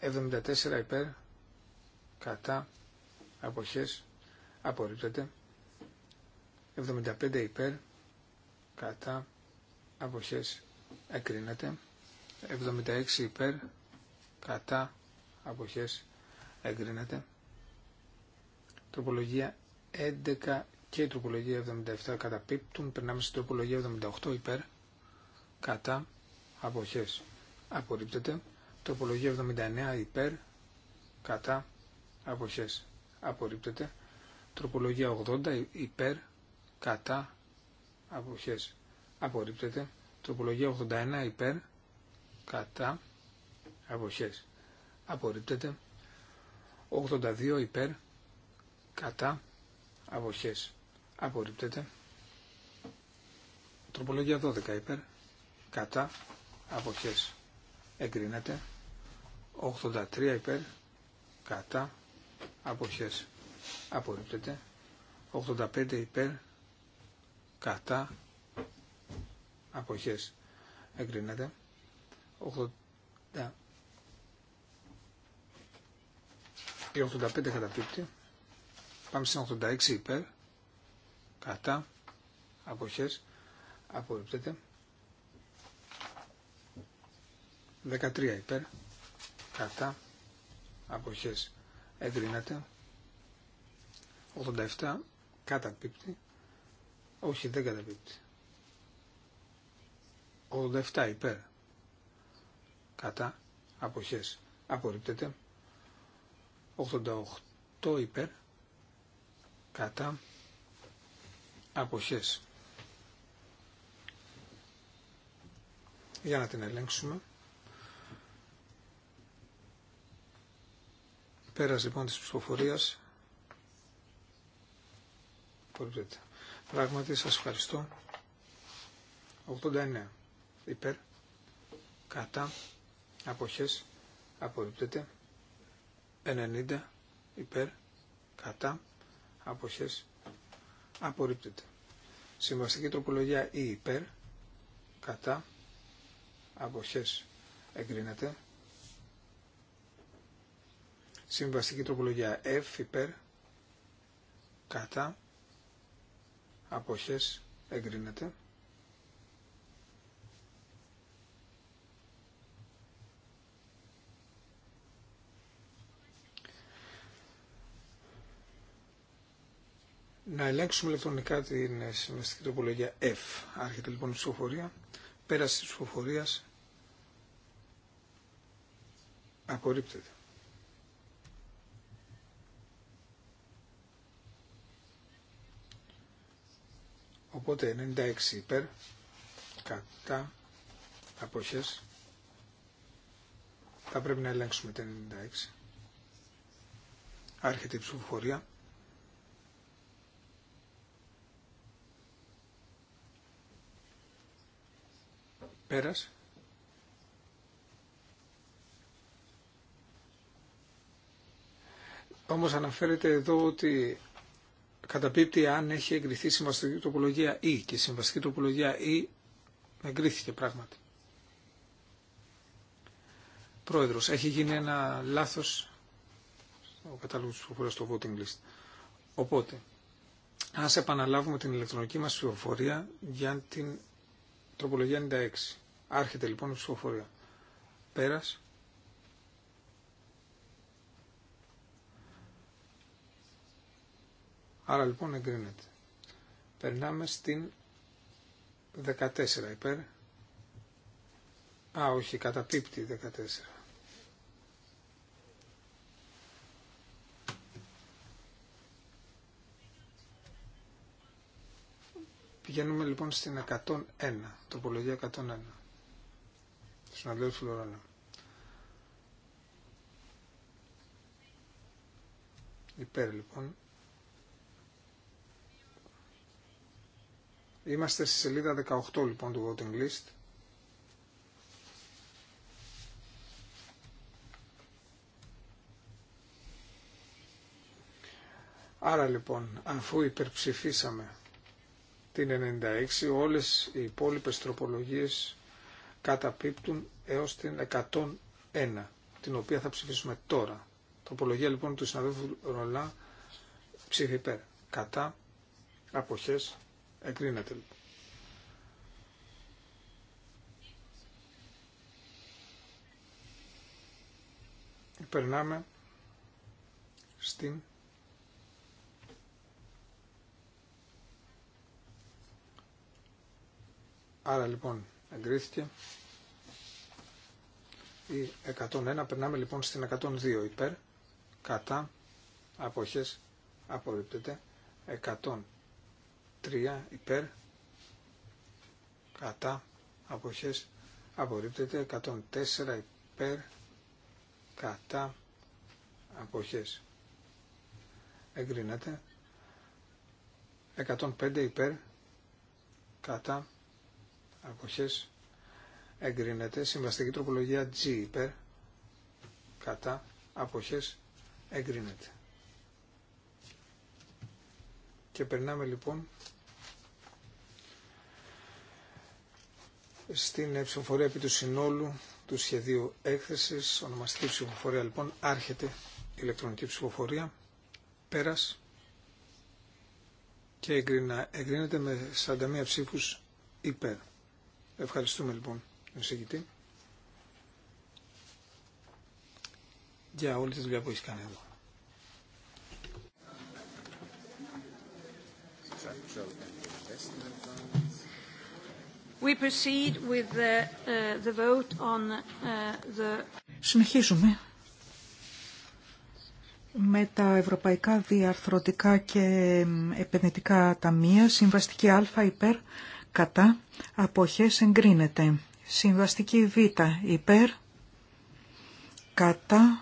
74 υπέρ κατά αποχές απορρίπτεται 75 υπέρ κατά αποχές εκρίνεται 76 υπέρ κατά αποχές εγκρίνεται τροπολογία 11 και τροπολογία 77 καταπίπτουν περνάμε στην τροπολογία 78 υπέρ κατά αποχές απορρίπτεται. Τροπολογία 79 υπέρ, κατά, αποχές, απορρίπτεται. Τροπολογία 80 υπέρ, κατά, αποχές, απορρίπτεται. Τροπολογία 81 υπέρ, κατά, αποχές, απορρίπτεται. 82 υπέρ, κατά, αποχές, απορρίπτεται. Τροπολογία 12 υπέρ, κατά, αποχές, εγκρίνεται 83 υπέρ κατά αποχές απορρίπτεται 85 υπέρ κατά αποχές εγκρίνεται 80 85 καταπίπτει πάμε στην 86 υπέρ κατά αποχές απορρίπτεται 13 υπέρ κατά αποχές εγκρίνεται 87 καταπίπτει όχι δεν καταπίπτει 87 υπέρ κατά αποχές απορρίπτεται 88 υπέρ κατά αποχές για να την ελέγξουμε Πέρας λοιπόν της ψηφοφορίας. Πράγματι σας ευχαριστώ. 89 υπέρ, κατά, αποχές, απορρίπτεται. 90 υπέρ, κατά, αποχές, απορρίπτεται. Συμβαστική τροπολογία ή υπέρ, κατά, αποχές, εγκρίνεται. Συμβαστική τροπολογία F υπέρ κατά αποχές εγκρίνεται. Να ελέγξουμε ηλεκτρονικά την συμβαστική τροπολογία F. Άρχεται λοιπόν η ψηφοφορία. Πέραση της ψηφοφορίας απορρίπτεται. Οπότε 96 υπέρ, κατά, αποχές. Θα πρέπει να ελέγξουμε τα 96. Άρχεται η ψηφοφορία. Πέρας. Όμως αναφέρεται εδώ ότι καταπίπτει αν έχει εγκριθεί η συμβαστική τροπολογία Ή και η συμβαστική τροπολογία Ή εγκρίθηκε πράγματι. Πρόεδρος, έχει γίνει ένα λάθος ο κατάλογος ψηφοφορίας στο voting list. Οπότε, ας επαναλάβουμε την ηλεκτρονική μας ψηφοφορία για την τροπολογία 96. Άρχεται λοιπόν η ψηφοφορία. Πέρας. Άρα λοιπόν εγκρίνεται. Περνάμε στην 14 υπέρ. Α, όχι, καταπίπτει 14. Πηγαίνουμε λοιπόν στην 101, τοπολογία 101, στον αδελφο Λορανά. Υπέρ λοιπόν, Είμαστε στη σελίδα 18 λοιπόν του voting list. Άρα λοιπόν, αφού υπερψηφίσαμε την 96, όλες οι υπόλοιπες τροπολογίες καταπίπτουν έως την 101, την οποία θα ψηφίσουμε τώρα. Τροπολογία λοιπόν του συναδέλφου Ρολά ψήφι Κατά, αποχές, Εγκρίνεται λοιπόν. Περνάμε στην Άρα λοιπόν εγκρίθηκε η 101. Περνάμε λοιπόν στην 102 υπέρ, κατά, αποχές, απορρίπτεται. 3 υπέρ κατά αποχές απορρίπτεται 104 υπέρ κατά αποχές εγκρίνεται 105 υπέρ κατά αποχές εγκρίνεται συμβαστική τροπολογία G υπέρ κατά αποχές εγκρίνεται και περνάμε λοιπόν στην ψηφοφορία επί του συνόλου του σχεδίου έκθεσης, ονομαστική ψηφοφορία λοιπόν, άρχεται ηλεκτρονική ψηφοφορία, πέρας και εγκρίνεται με 41 ψήφους υπέρ. Ευχαριστούμε λοιπόν τον εισηγητή για όλη τη δουλειά που έχει κάνει εδώ. We uh, uh, Συνεχίζουμε με τα Ευρωπαϊκά Διαρθρωτικά και Επενδυτικά Ταμεία. Συμβαστική Α υπέρ κατά αποχές εγκρίνεται. Συμβαστική Β υπέρ κατά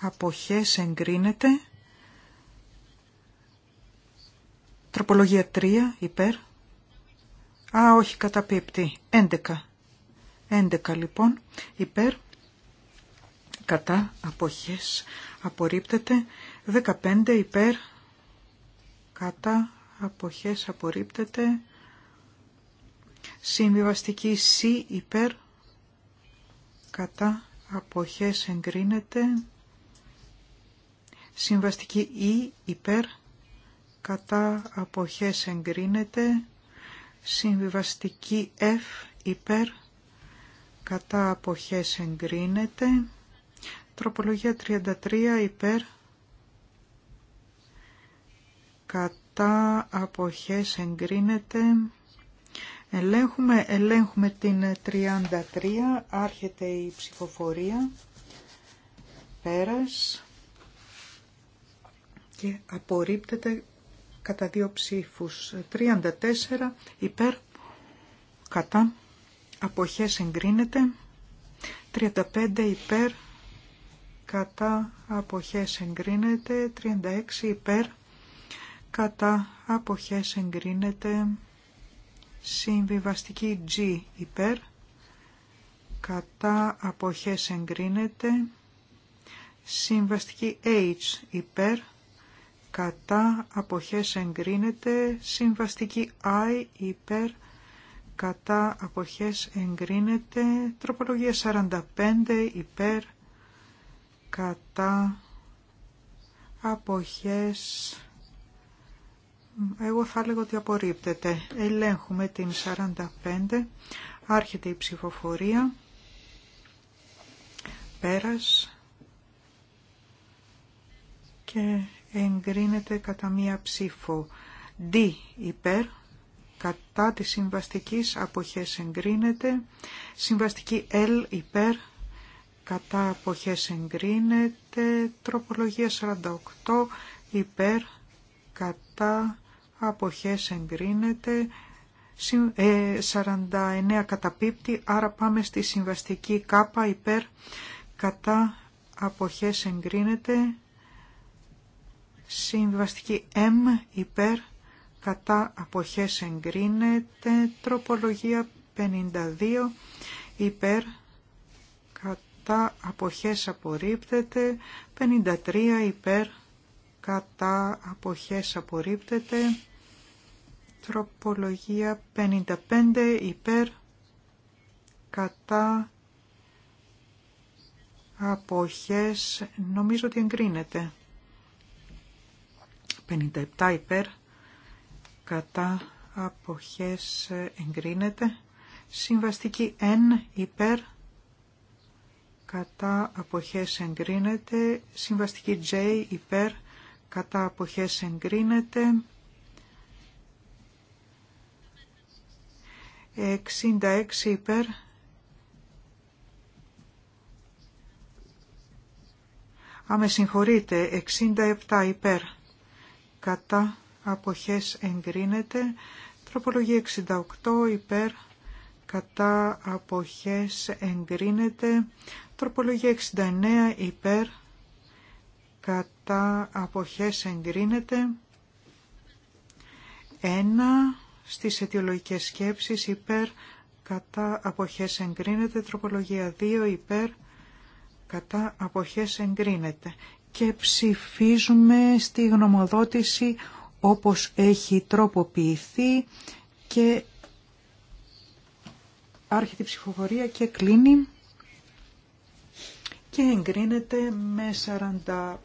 αποχές εγκρίνεται. Τροπολογία 3 υπέρ. Α, όχι, καταπίπτει. 11. 11 λοιπόν υπέρ. Κατά αποχές απορρίπτεται. 15 υπέρ. Κατά αποχές απορρίπτεται. Συμβιβαστική C υπέρ. Κατά αποχές εγκρίνεται. Συμβαστική E υπέρ κατά αποχές εγκρίνεται, συμβιβαστική F υπέρ, κατά αποχές εγκρίνεται, τροπολογία 33 υπέρ, κατά αποχές εγκρίνεται, ελέγχουμε, ελέγχουμε την 33, άρχεται η ψηφοφορία, πέρας και απορρίπτεται κατά δύο ψήφους 34 υπέρ κατά αποχές εγκρίνεται 35 υπέρ κατά αποχές εγκρίνεται 36 υπέρ κατά αποχές εγκρίνεται συμβιβαστική G υπέρ κατά αποχές εγκρίνεται συμβαστική H υπέρ κατά αποχές εγκρίνεται συμβαστική I υπέρ κατά αποχές εγκρίνεται τροπολογία 45 υπέρ κατά αποχές εγώ θα έλεγα ότι απορρίπτεται ελέγχουμε την 45 άρχεται η ψηφοφορία πέρας και εγκρίνεται κατά μία ψήφο. D υπέρ, κατά της συμβαστικής αποχές εγκρίνεται. Συμβαστική L υπέρ, κατά αποχές εγκρίνεται. Τροπολογία 48 υπέρ, κατά αποχές εγκρίνεται. 49 ε, καταπίπτει, άρα πάμε στη συμβαστική K υπέρ, κατά αποχές εγκρίνεται. Συμβαστική M υπέρ κατά αποχές εγκρίνεται. Τροπολογία 52 υπέρ κατά αποχές απορρίπτεται. 53 υπέρ κατά αποχές απορρίπτεται. Τροπολογία 55 υπέρ κατά αποχές νομίζω ότι εγκρίνεται. 57 υπέρ κατά αποχές εγκρίνεται. Συμβαστική N υπέρ κατά αποχές εγκρίνεται. Συμβαστική J υπέρ κατά αποχές εγκρίνεται. 66 υπέρ Α, με συγχωρείτε, 67 υπέρ κατά αποχές εγκρίνεται. Τροπολογία 68 υπέρ κατά αποχές εγκρίνεται. Τροπολογία 69 υπέρ κατά αποχές εγκρίνεται. 1 στις αιτιολογικές σκέψεις υπέρ κατά αποχές εγκρίνεται. Τροπολογία 2 υπέρ κατά αποχές εγκρίνεται και ψηφίζουμε στη γνωμοδότηση όπως έχει τροποποιηθεί και άρχεται η ψηφοφορία και κλείνει και εγκρίνεται με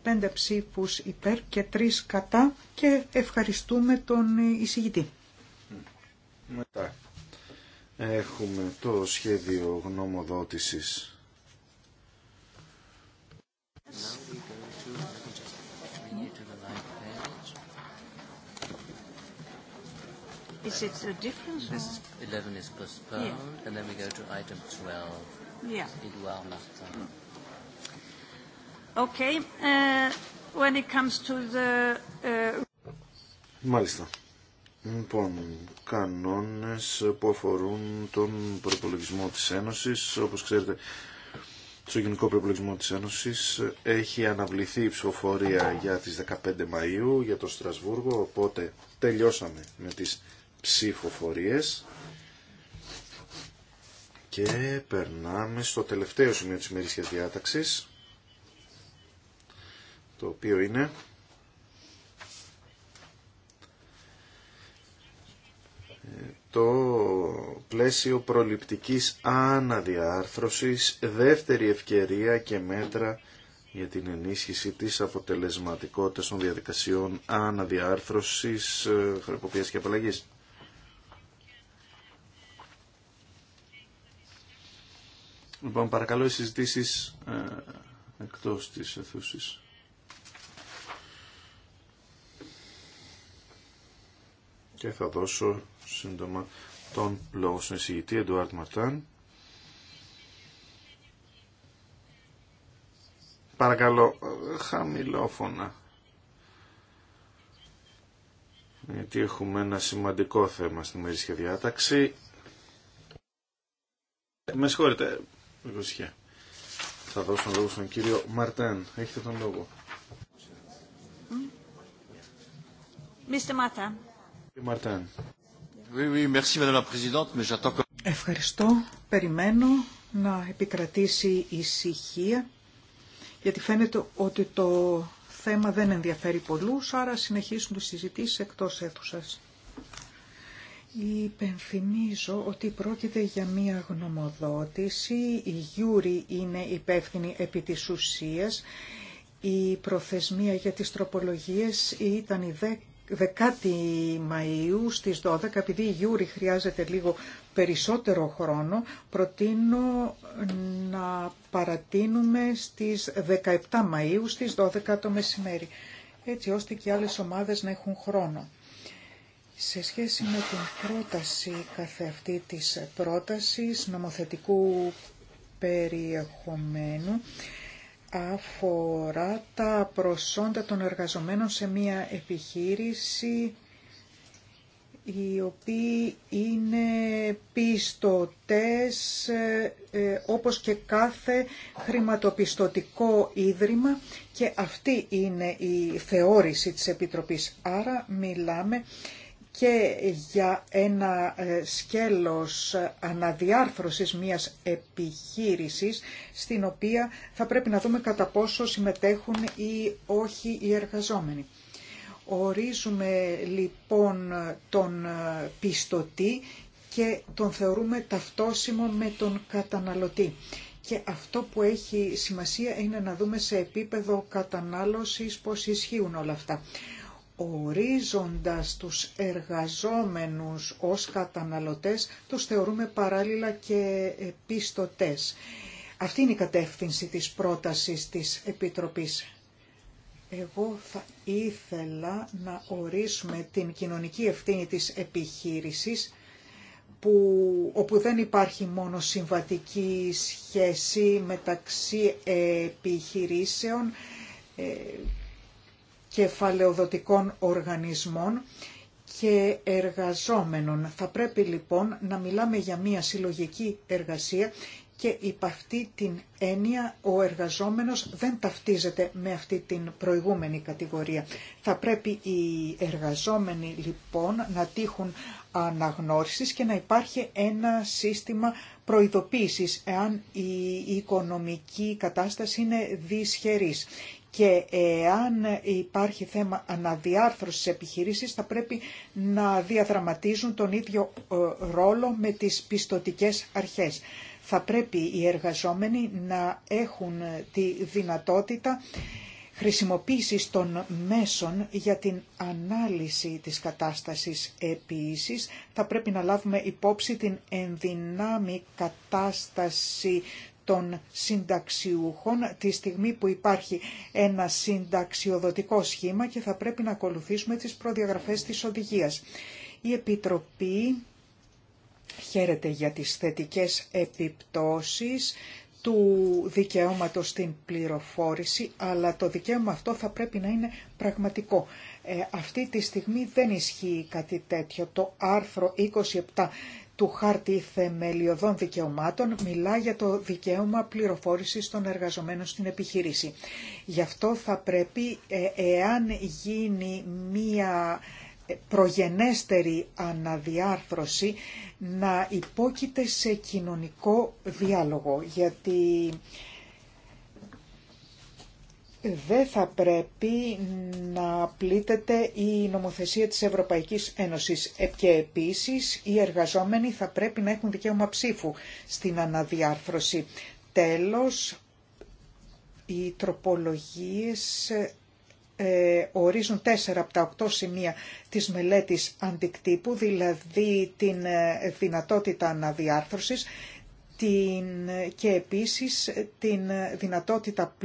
45 ψήφους υπέρ και 3 κατά και ευχαριστούμε τον εισηγητή. Μετά έχουμε το σχέδιο γνωμοδότησης. Is it a difference? This 11 is postponed, yeah. and then we go to item 12. Yeah. Edouard Martin. Mm. Okay. Uh, when it comes to the... Uh, Μάλιστα. Λοιπόν, κανόνες που αφορούν τον προπολογισμό της Ένωσης, όπως ξέρετε, στο Γενικό Προπολογισμό της Ένωσης έχει αναβληθεί η ψηφοφορία για τις 15 Μαΐου για το Στρασβούργο, οπότε τελειώσαμε με τις ψηφοφορίες και περνάμε στο τελευταίο σημείο της ημερήσιας διάταξης το οποίο είναι το πλαίσιο προληπτικής αναδιάρθρωσης, δεύτερη ευκαιρία και μέτρα για την ενίσχυση της αποτελεσματικότητας των διαδικασιών αναδιάρθρωσης, ε, χρεποποίησης και απαλλαγής. Λοιπόν, παρακαλώ οι συζητήσει ε, εκτός της αιθούσης. Και θα δώσω σύντομα τον λόγο στον εισηγητή Εντουάρτ Μαρτάν. Παρακαλώ, χαμηλόφωνα. Γιατί έχουμε ένα σημαντικό θέμα στη μερίσια διάταξη. Με συγχωρείτε, Ρωσιά. Θα δώσω τον λόγο στον κύριο Μαρτάν. Έχετε τον λόγο. Mr. Martin. Μαρτάν. Oui, oui, merci, Madame la Présidente, mais j'attends Ευχαριστώ. Περιμένω να επικρατήσει ησυχία, γιατί φαίνεται ότι το θέμα δεν ενδιαφέρει πολλούς, άρα συνεχίσουν τις συζητήσεις εκτός αίθουσας. Υπενθυμίζω ότι πρόκειται για μία γνωμοδότηση. Η Γιούρη είναι υπεύθυνη επί της ουσίας. Η προθεσμία για τις τροπολογίες ήταν η 10η Μαΐου στις 12. Επειδή η Γιούρη χρειάζεται λίγο περισσότερο χρόνο, προτείνω να παρατείνουμε στις 17 Μαΐου στις 12 το μεσημέρι, έτσι ώστε και άλλες ομάδες να έχουν χρόνο. Σε σχέση με την πρόταση αυτή της πρότασης νομοθετικού περιεχομένου αφορά τα προσόντα των εργαζομένων σε μια επιχείρηση οι οποίοι είναι πιστωτές ε, όπως και κάθε χρηματοπιστωτικό ίδρυμα και αυτή είναι η θεώρηση της Επιτροπής. Άρα μιλάμε και για ένα ε, σκέλος αναδιάρθρωσης μιας επιχείρησης στην οποία θα πρέπει να δούμε κατά πόσο συμμετέχουν ή όχι οι εργαζόμενοι. Ορίζουμε λοιπόν τον ε, πιστοτή και τον θεωρούμε ταυτόσιμο με τον καταναλωτή. Και αυτό που έχει σημασία είναι να δούμε σε επίπεδο κατανάλωσης πώς ισχύουν όλα αυτά ορίζοντας τους εργαζόμενους ως καταναλωτές, τους θεωρούμε παράλληλα και πίστοτες. Αυτή είναι η κατεύθυνση της πρότασης της Επιτροπής. Εγώ θα ήθελα να ορίσουμε την κοινωνική ευθύνη της επιχείρησης, που, όπου δεν υπάρχει μόνο συμβατική σχέση μεταξύ επιχειρήσεων ε, κεφαλαιοδοτικών οργανισμών και εργαζόμενων. Θα πρέπει λοιπόν να μιλάμε για μια συλλογική εργασία και υπ' αυτή την έννοια ο εργαζόμενος δεν ταυτίζεται με αυτή την προηγούμενη κατηγορία. Θα πρέπει οι εργαζόμενοι λοιπόν να τύχουν αναγνώρισης και να υπάρχει ένα σύστημα προειδοποίησης εάν η οικονομική κατάσταση είναι δυσχερής και εάν υπάρχει θέμα αναδιάρθρωσης επιχείρησης θα πρέπει να διαδραματίζουν τον ίδιο ε, ρόλο με τις πιστοτικές αρχές. Θα πρέπει οι εργαζόμενοι να έχουν τη δυνατότητα χρησιμοποίησης των μέσων για την ανάλυση της κατάστασης επίσης θα πρέπει να λάβουμε υπόψη την ενδυνάμει κατάσταση των συνταξιούχων τη στιγμή που υπάρχει ένα συνταξιοδοτικό σχήμα και θα πρέπει να ακολουθήσουμε τις προδιαγραφές της οδηγίας. Η Επιτροπή χαίρεται για τις θετικές επιπτώσεις του δικαιώματος στην πληροφόρηση, αλλά το δικαίωμα αυτό θα πρέπει να είναι πραγματικό. Ε, αυτή τη στιγμή δεν ισχύει κάτι τέτοιο. Το άρθρο 27 του χάρτη θεμελιωδών δικαιωμάτων μιλά για το δικαίωμα πληροφόρησης των εργαζομένων στην επιχείρηση. Γι' αυτό θα πρέπει, ε, εάν γίνει μία ε, προγενέστερη αναδιάρθρωση, να υπόκειται σε κοινωνικό διάλογο, γιατί δεν θα πρέπει να πλήτεται η νομοθεσία της Ευρωπαϊκής Ένωσης ε, και επίσης οι εργαζόμενοι θα πρέπει να έχουν δικαίωμα ψήφου στην αναδιάρθρωση. Τέλος, οι τροπολογίες ε, ορίζουν τέσσερα από τα οκτώ σημεία της μελέτης αντικτύπου, δηλαδή την ε, δυνατότητα αναδιάρθρωσης, την, και επίσης την δυνατότητα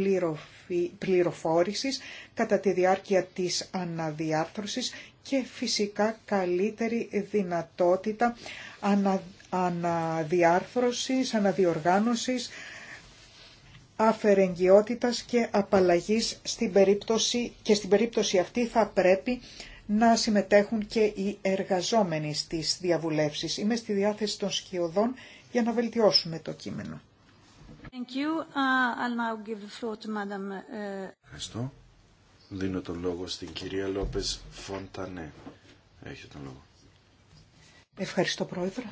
πληροφόρησης κατά τη διάρκεια της αναδιάρθρωσης και φυσικά καλύτερη δυνατότητα ανα, αναδιάρθρωσης, αναδιοργάνωσης, αφαιρεγγιότητας και απαλλαγής στην περίπτωση, και στην περίπτωση αυτή θα πρέπει να συμμετέχουν και οι εργαζόμενοι στις διαβουλεύσεις. Είμαι στη διάθεση των σκιωδών για να βελτιώσουμε το κείμενο. Thank you. Uh, I'll now give the floor to Madam... Uh, Ευχαριστώ. Δίνω το λόγο στην κυρία Λόπες Φοντανέ. Έχει τον λόγο. Ευχαριστώ πρόεδρε.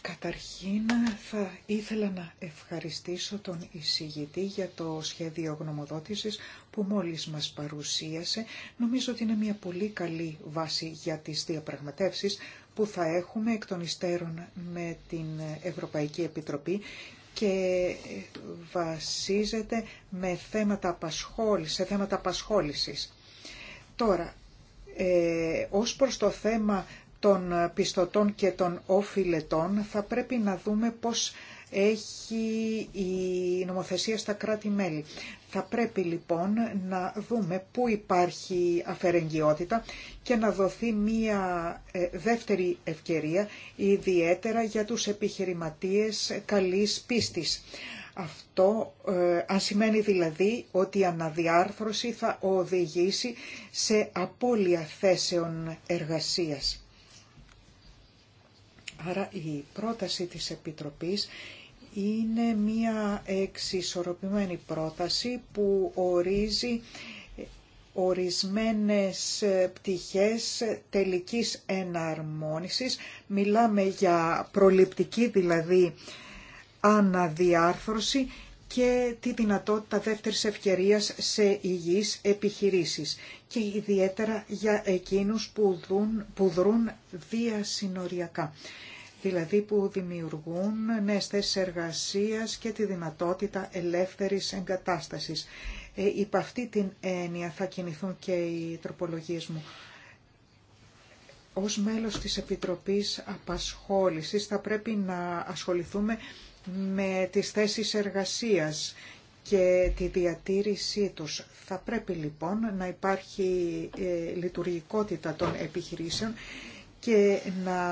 Καταρχήν θα ήθελα να ευχαριστήσω τον εισηγητή για το σχέδιο γνωμοδότησης που μόλις μας παρουσίασε. Νομίζω ότι είναι μια πολύ καλή βάση για τις διαπραγματεύσεις που θα έχουμε εκ των υστέρων με την Ευρωπαϊκή Επιτροπή και βασίζεται με θέματα απασχόλησης, σε θέματα απασχόλησης. Τώρα, ε, ως προς το θέμα των πιστωτών και των οφηλετών θα πρέπει να δούμε πώς έχει η νομοθεσία στα κράτη-μέλη. Θα πρέπει λοιπόν να δούμε πού υπάρχει αφαιρεγγιότητα και να δοθεί μία ε, δεύτερη ευκαιρία, ιδιαίτερα για τους επιχειρηματίες καλής πίστης. Αυτό ε, σημαίνει δηλαδή ότι η αναδιάρθρωση θα οδηγήσει σε απώλεια θέσεων εργασίας. Άρα η πρόταση της Επιτροπής είναι μία εξισορροπημένη πρόταση που ορίζει ορισμένες πτυχές τελικής εναρμόνισης. Μιλάμε για προληπτική δηλαδή αναδιάρθρωση και τη δυνατότητα δεύτερης ευκαιρίας σε υγιείς επιχειρήσεις και ιδιαίτερα για εκείνους που, δουν, που δρούν διασυνοριακά δηλαδή που δημιουργούν νέες θέσεις εργασίας και τη δυνατότητα ελεύθερης εγκατάστασης. Ε, υπ' αυτή την έννοια θα κινηθούν και οι τροπολογίες μου. Ως μέλος της Επιτροπής Απασχόλησης θα πρέπει να ασχοληθούμε με τις θέσεις εργασίας και τη διατήρησή τους. Θα πρέπει λοιπόν να υπάρχει ε, λειτουργικότητα των επιχειρήσεων και να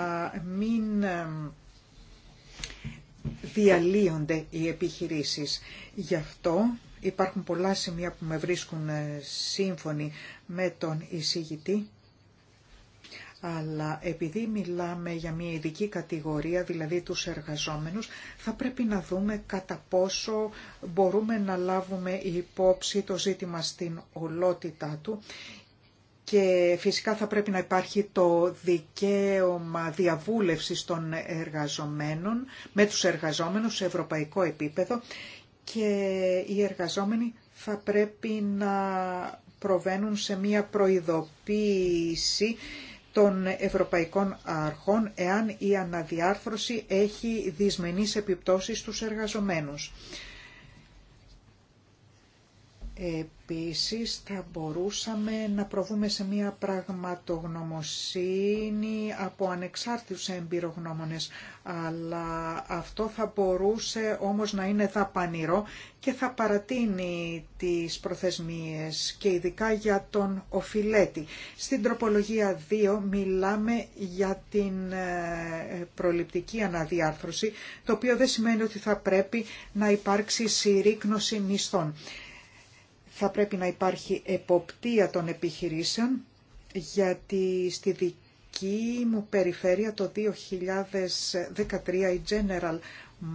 μην διαλύονται οι επιχειρήσεις. Γι' αυτό υπάρχουν πολλά σημεία που με βρίσκουν ε, σύμφωνοι με τον εισηγητή, αλλά επειδή μιλάμε για μια ειδική κατηγορία, δηλαδή τους εργαζόμενους, θα πρέπει να δούμε κατά πόσο μπορούμε να λάβουμε υπόψη το ζήτημα στην ολότητά του και φυσικά θα πρέπει να υπάρχει το δικαίωμα διαβούλευσης των εργαζομένων με τους εργαζόμενους σε ευρωπαϊκό επίπεδο και οι εργαζόμενοι θα πρέπει να προβαίνουν σε μία προειδοποίηση των ευρωπαϊκών αρχών εάν η αναδιάρθρωση έχει δυσμενείς επιπτώσεις στους εργαζομένους. Επίσης θα μπορούσαμε να προβούμε σε μια πραγματογνωμοσύνη από ανεξάρτητους εμπειρογνώμονες, αλλά αυτό θα μπορούσε όμως να είναι δαπανηρό και θα παρατείνει τις προθεσμίες και ειδικά για τον οφιλέτη. Στην τροπολογία 2 μιλάμε για την ε, προληπτική αναδιάρθρωση, το οποίο δεν σημαίνει ότι θα πρέπει να υπάρξει συρρήκνωση μισθών θα πρέπει να υπάρχει εποπτεία των επιχειρήσεων, γιατί στη δική μου περιφέρεια το 2013 η General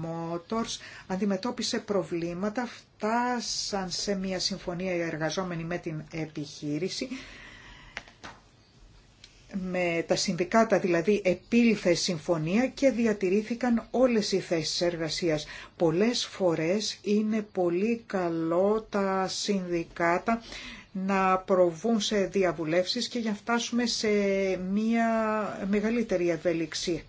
Motors αντιμετώπισε προβλήματα, φτάσαν σε μια συμφωνία οι εργαζόμενοι με την επιχείρηση με τα συνδικάτα δηλαδή επήλθε συμφωνία και διατηρήθηκαν όλες οι θέσεις εργασίας. Πολλές φορές είναι πολύ καλό τα συνδικάτα να προβούν σε διαβουλεύσεις και για να φτάσουμε σε μια μεγαλύτερη ευελιξία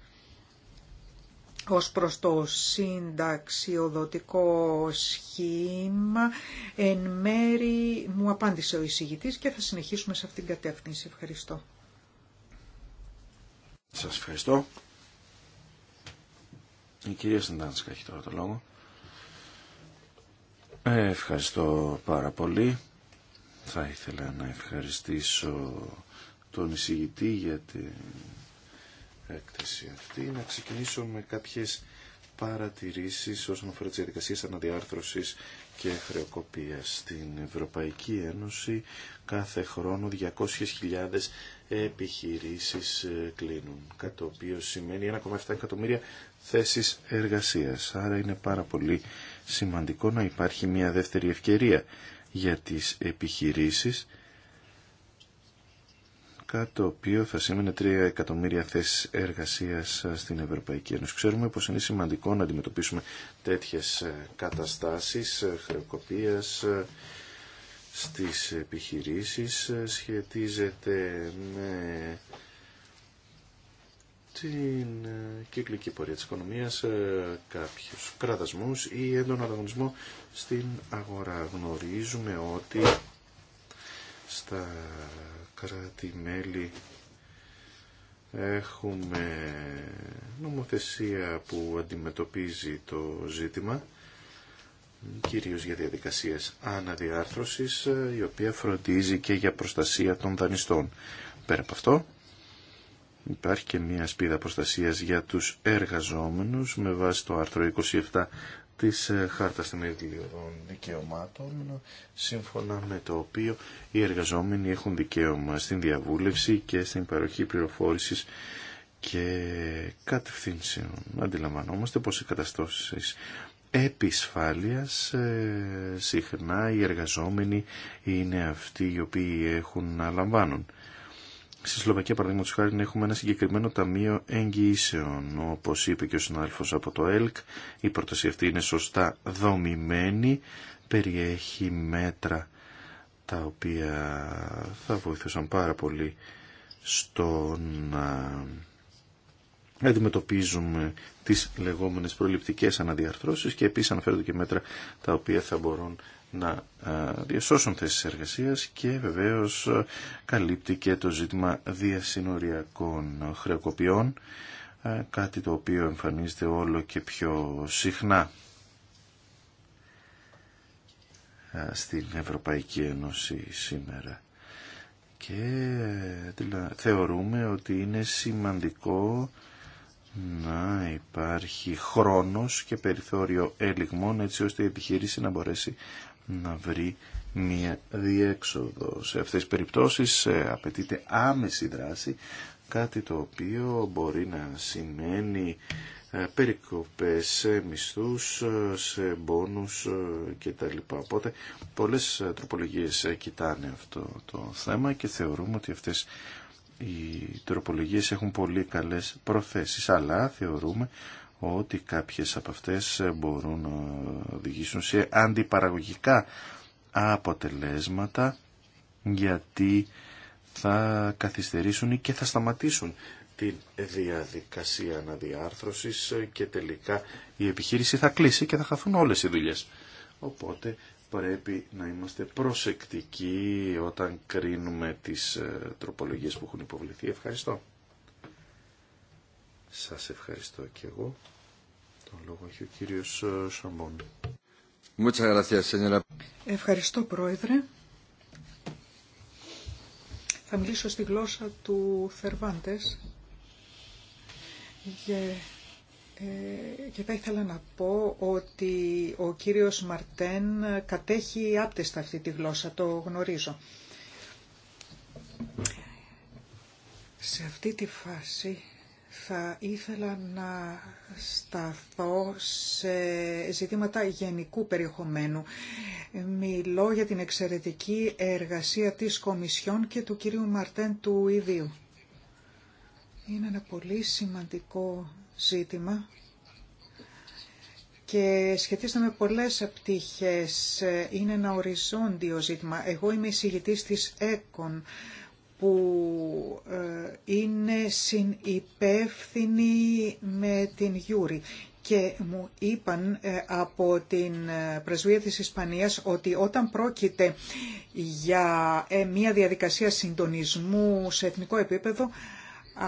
ως προς το συνταξιοδοτικό σχήμα. Εν μέρη μου απάντησε ο εισηγητής και θα συνεχίσουμε σε αυτήν την κατεύθυνση. Ευχαριστώ. Σας ευχαριστώ. Η κυρία Σεντάνσκα έχει τώρα το λόγο. Ε, ευχαριστώ πάρα πολύ. Θα ήθελα να ευχαριστήσω τον εισηγητή για την έκθεση αυτή. Να ξεκινήσω με κάποιες παρατηρήσεις όσον αφορά τις διαδικασίες αναδιάρθρωσης και χρεοκοπία στην Ευρωπαϊκή Ένωση κάθε χρόνο 200.000 επιχειρήσεις ε, κλείνουν κάτι το οποίο σημαίνει 1,7 εκατομμύρια θέσεις εργασίας άρα είναι πάρα πολύ σημαντικό να υπάρχει μια δεύτερη ευκαιρία για τις επιχειρήσεις κάτι το οποίο θα σήμαινε 3 εκατομμύρια θέσεις εργασίας ε, στην Ευρωπαϊκή Ένωση. Ξέρουμε πως είναι σημαντικό να αντιμετωπίσουμε τέτοιες ε, καταστάσεις ε, χρεοκοπίας στις επιχειρήσεις σχετίζεται με την κύκλικη πορεία της οικονομίας, κάποιους κραδασμούς ή έντονο ανταγωνισμό στην αγορά. Γνωρίζουμε ότι στα κράτη-μέλη έχουμε νομοθεσία που αντιμετωπίζει το ζήτημα κυρίως για διαδικασίες αναδιάρθρωσης η οποία φροντίζει και για προστασία των δανειστών. Πέρα από αυτό υπάρχει και μια σπίδα προστασίας για τους εργαζόμενους με βάση το άρθρο 27 της ε, Χάρτας των Δικαιωμάτων, σύμφωνα με το οποίο οι εργαζόμενοι έχουν δικαίωμα στην διαβούλευση και στην παροχή πληροφόρησης και κατευθύνσεων. Αντιλαμβανόμαστε πως οι καταστώσεις επισφάλειας ε, συχνά οι εργαζόμενοι είναι αυτοί οι οποίοι έχουν να λαμβάνουν. Στη Σλοβακία, παραδείγματο χάρη, έχουμε ένα συγκεκριμένο ταμείο εγγυήσεων. Όπω είπε και ο συνάδελφο από το ΕΛΚ, η πρόταση αυτή είναι σωστά δομημένη, περιέχει μέτρα τα οποία θα βοηθούσαν πάρα πολύ στο να αντιμετωπίζουμε τις λεγόμενες προληπτικές αναδιαρθρώσεις και επίσης αναφέρονται και μέτρα τα οποία θα μπορούν να ε, διασώσουν θέσεις εργασίας και βεβαίως ε, καλύπτει και το ζήτημα διασυνοριακών χρεοκοπιών, ε, κάτι το οποίο εμφανίζεται όλο και πιο συχνά στην Ευρωπαϊκή Ένωση σήμερα. Και θεωρούμε ότι είναι σημαντικό να υπάρχει χρόνος και περιθώριο έλιγμων έτσι ώστε η επιχείρηση να μπορέσει να βρει μία διέξοδο. Σε αυτές τις περιπτώσεις ε, απαιτείται άμεση δράση, κάτι το οποίο μπορεί να σημαίνει ε, περικοπές σε μισθούς, ε, σε μπόνους κτλ. Οπότε πολλές τροπολογίες κοιτάνε αυτό το θέμα και θεωρούμε ότι αυτές οι τροπολογίες έχουν πολύ καλές προθέσεις, αλλά θεωρούμε ότι κάποιες από αυτές μπορούν να οδηγήσουν σε αντιπαραγωγικά αποτελέσματα γιατί θα καθυστερήσουν και θα σταματήσουν την διαδικασία αναδιάρθρωσης και τελικά η επιχείρηση θα κλείσει και θα χαθούν όλες οι δουλειές. Οπότε πρέπει να είμαστε προσεκτικοί όταν κρίνουμε τις ε, τροπολογίες που έχουν υποβληθεί. Ευχαριστώ. Σας ευχαριστώ και εγώ. Το λόγο έχει ο κύριος ε, Σαμπών. Ευχαριστώ πρόεδρε. Θα μιλήσω στη γλώσσα του Θερβάντες και, ε, και θα ήθελα να πω ότι ο κύριος Μαρτέν κατέχει άπτεστα αυτή τη γλώσσα, το γνωρίζω. Σε αυτή τη φάση θα ήθελα να σταθώ σε ζητήματα γενικού περιεχομένου. Μιλώ για την εξαιρετική εργασία της Κομισιόν και του κυρίου Μαρτέν του Ιδίου. Είναι ένα πολύ σημαντικό ζήτημα και σχετίζεται με πολλές πτυχές. Είναι ένα οριζόντιο ζήτημα. Εγώ είμαι εισηγητής της ΕΚΟΝ που ε, είναι συνυπεύθυνοι με την Γιούρη και μου είπαν ε, από την ε, πρεσβεία της Ισπανίας ότι όταν πρόκειται για μια διαδικασία συντονισμού σε εθνικό επίπεδο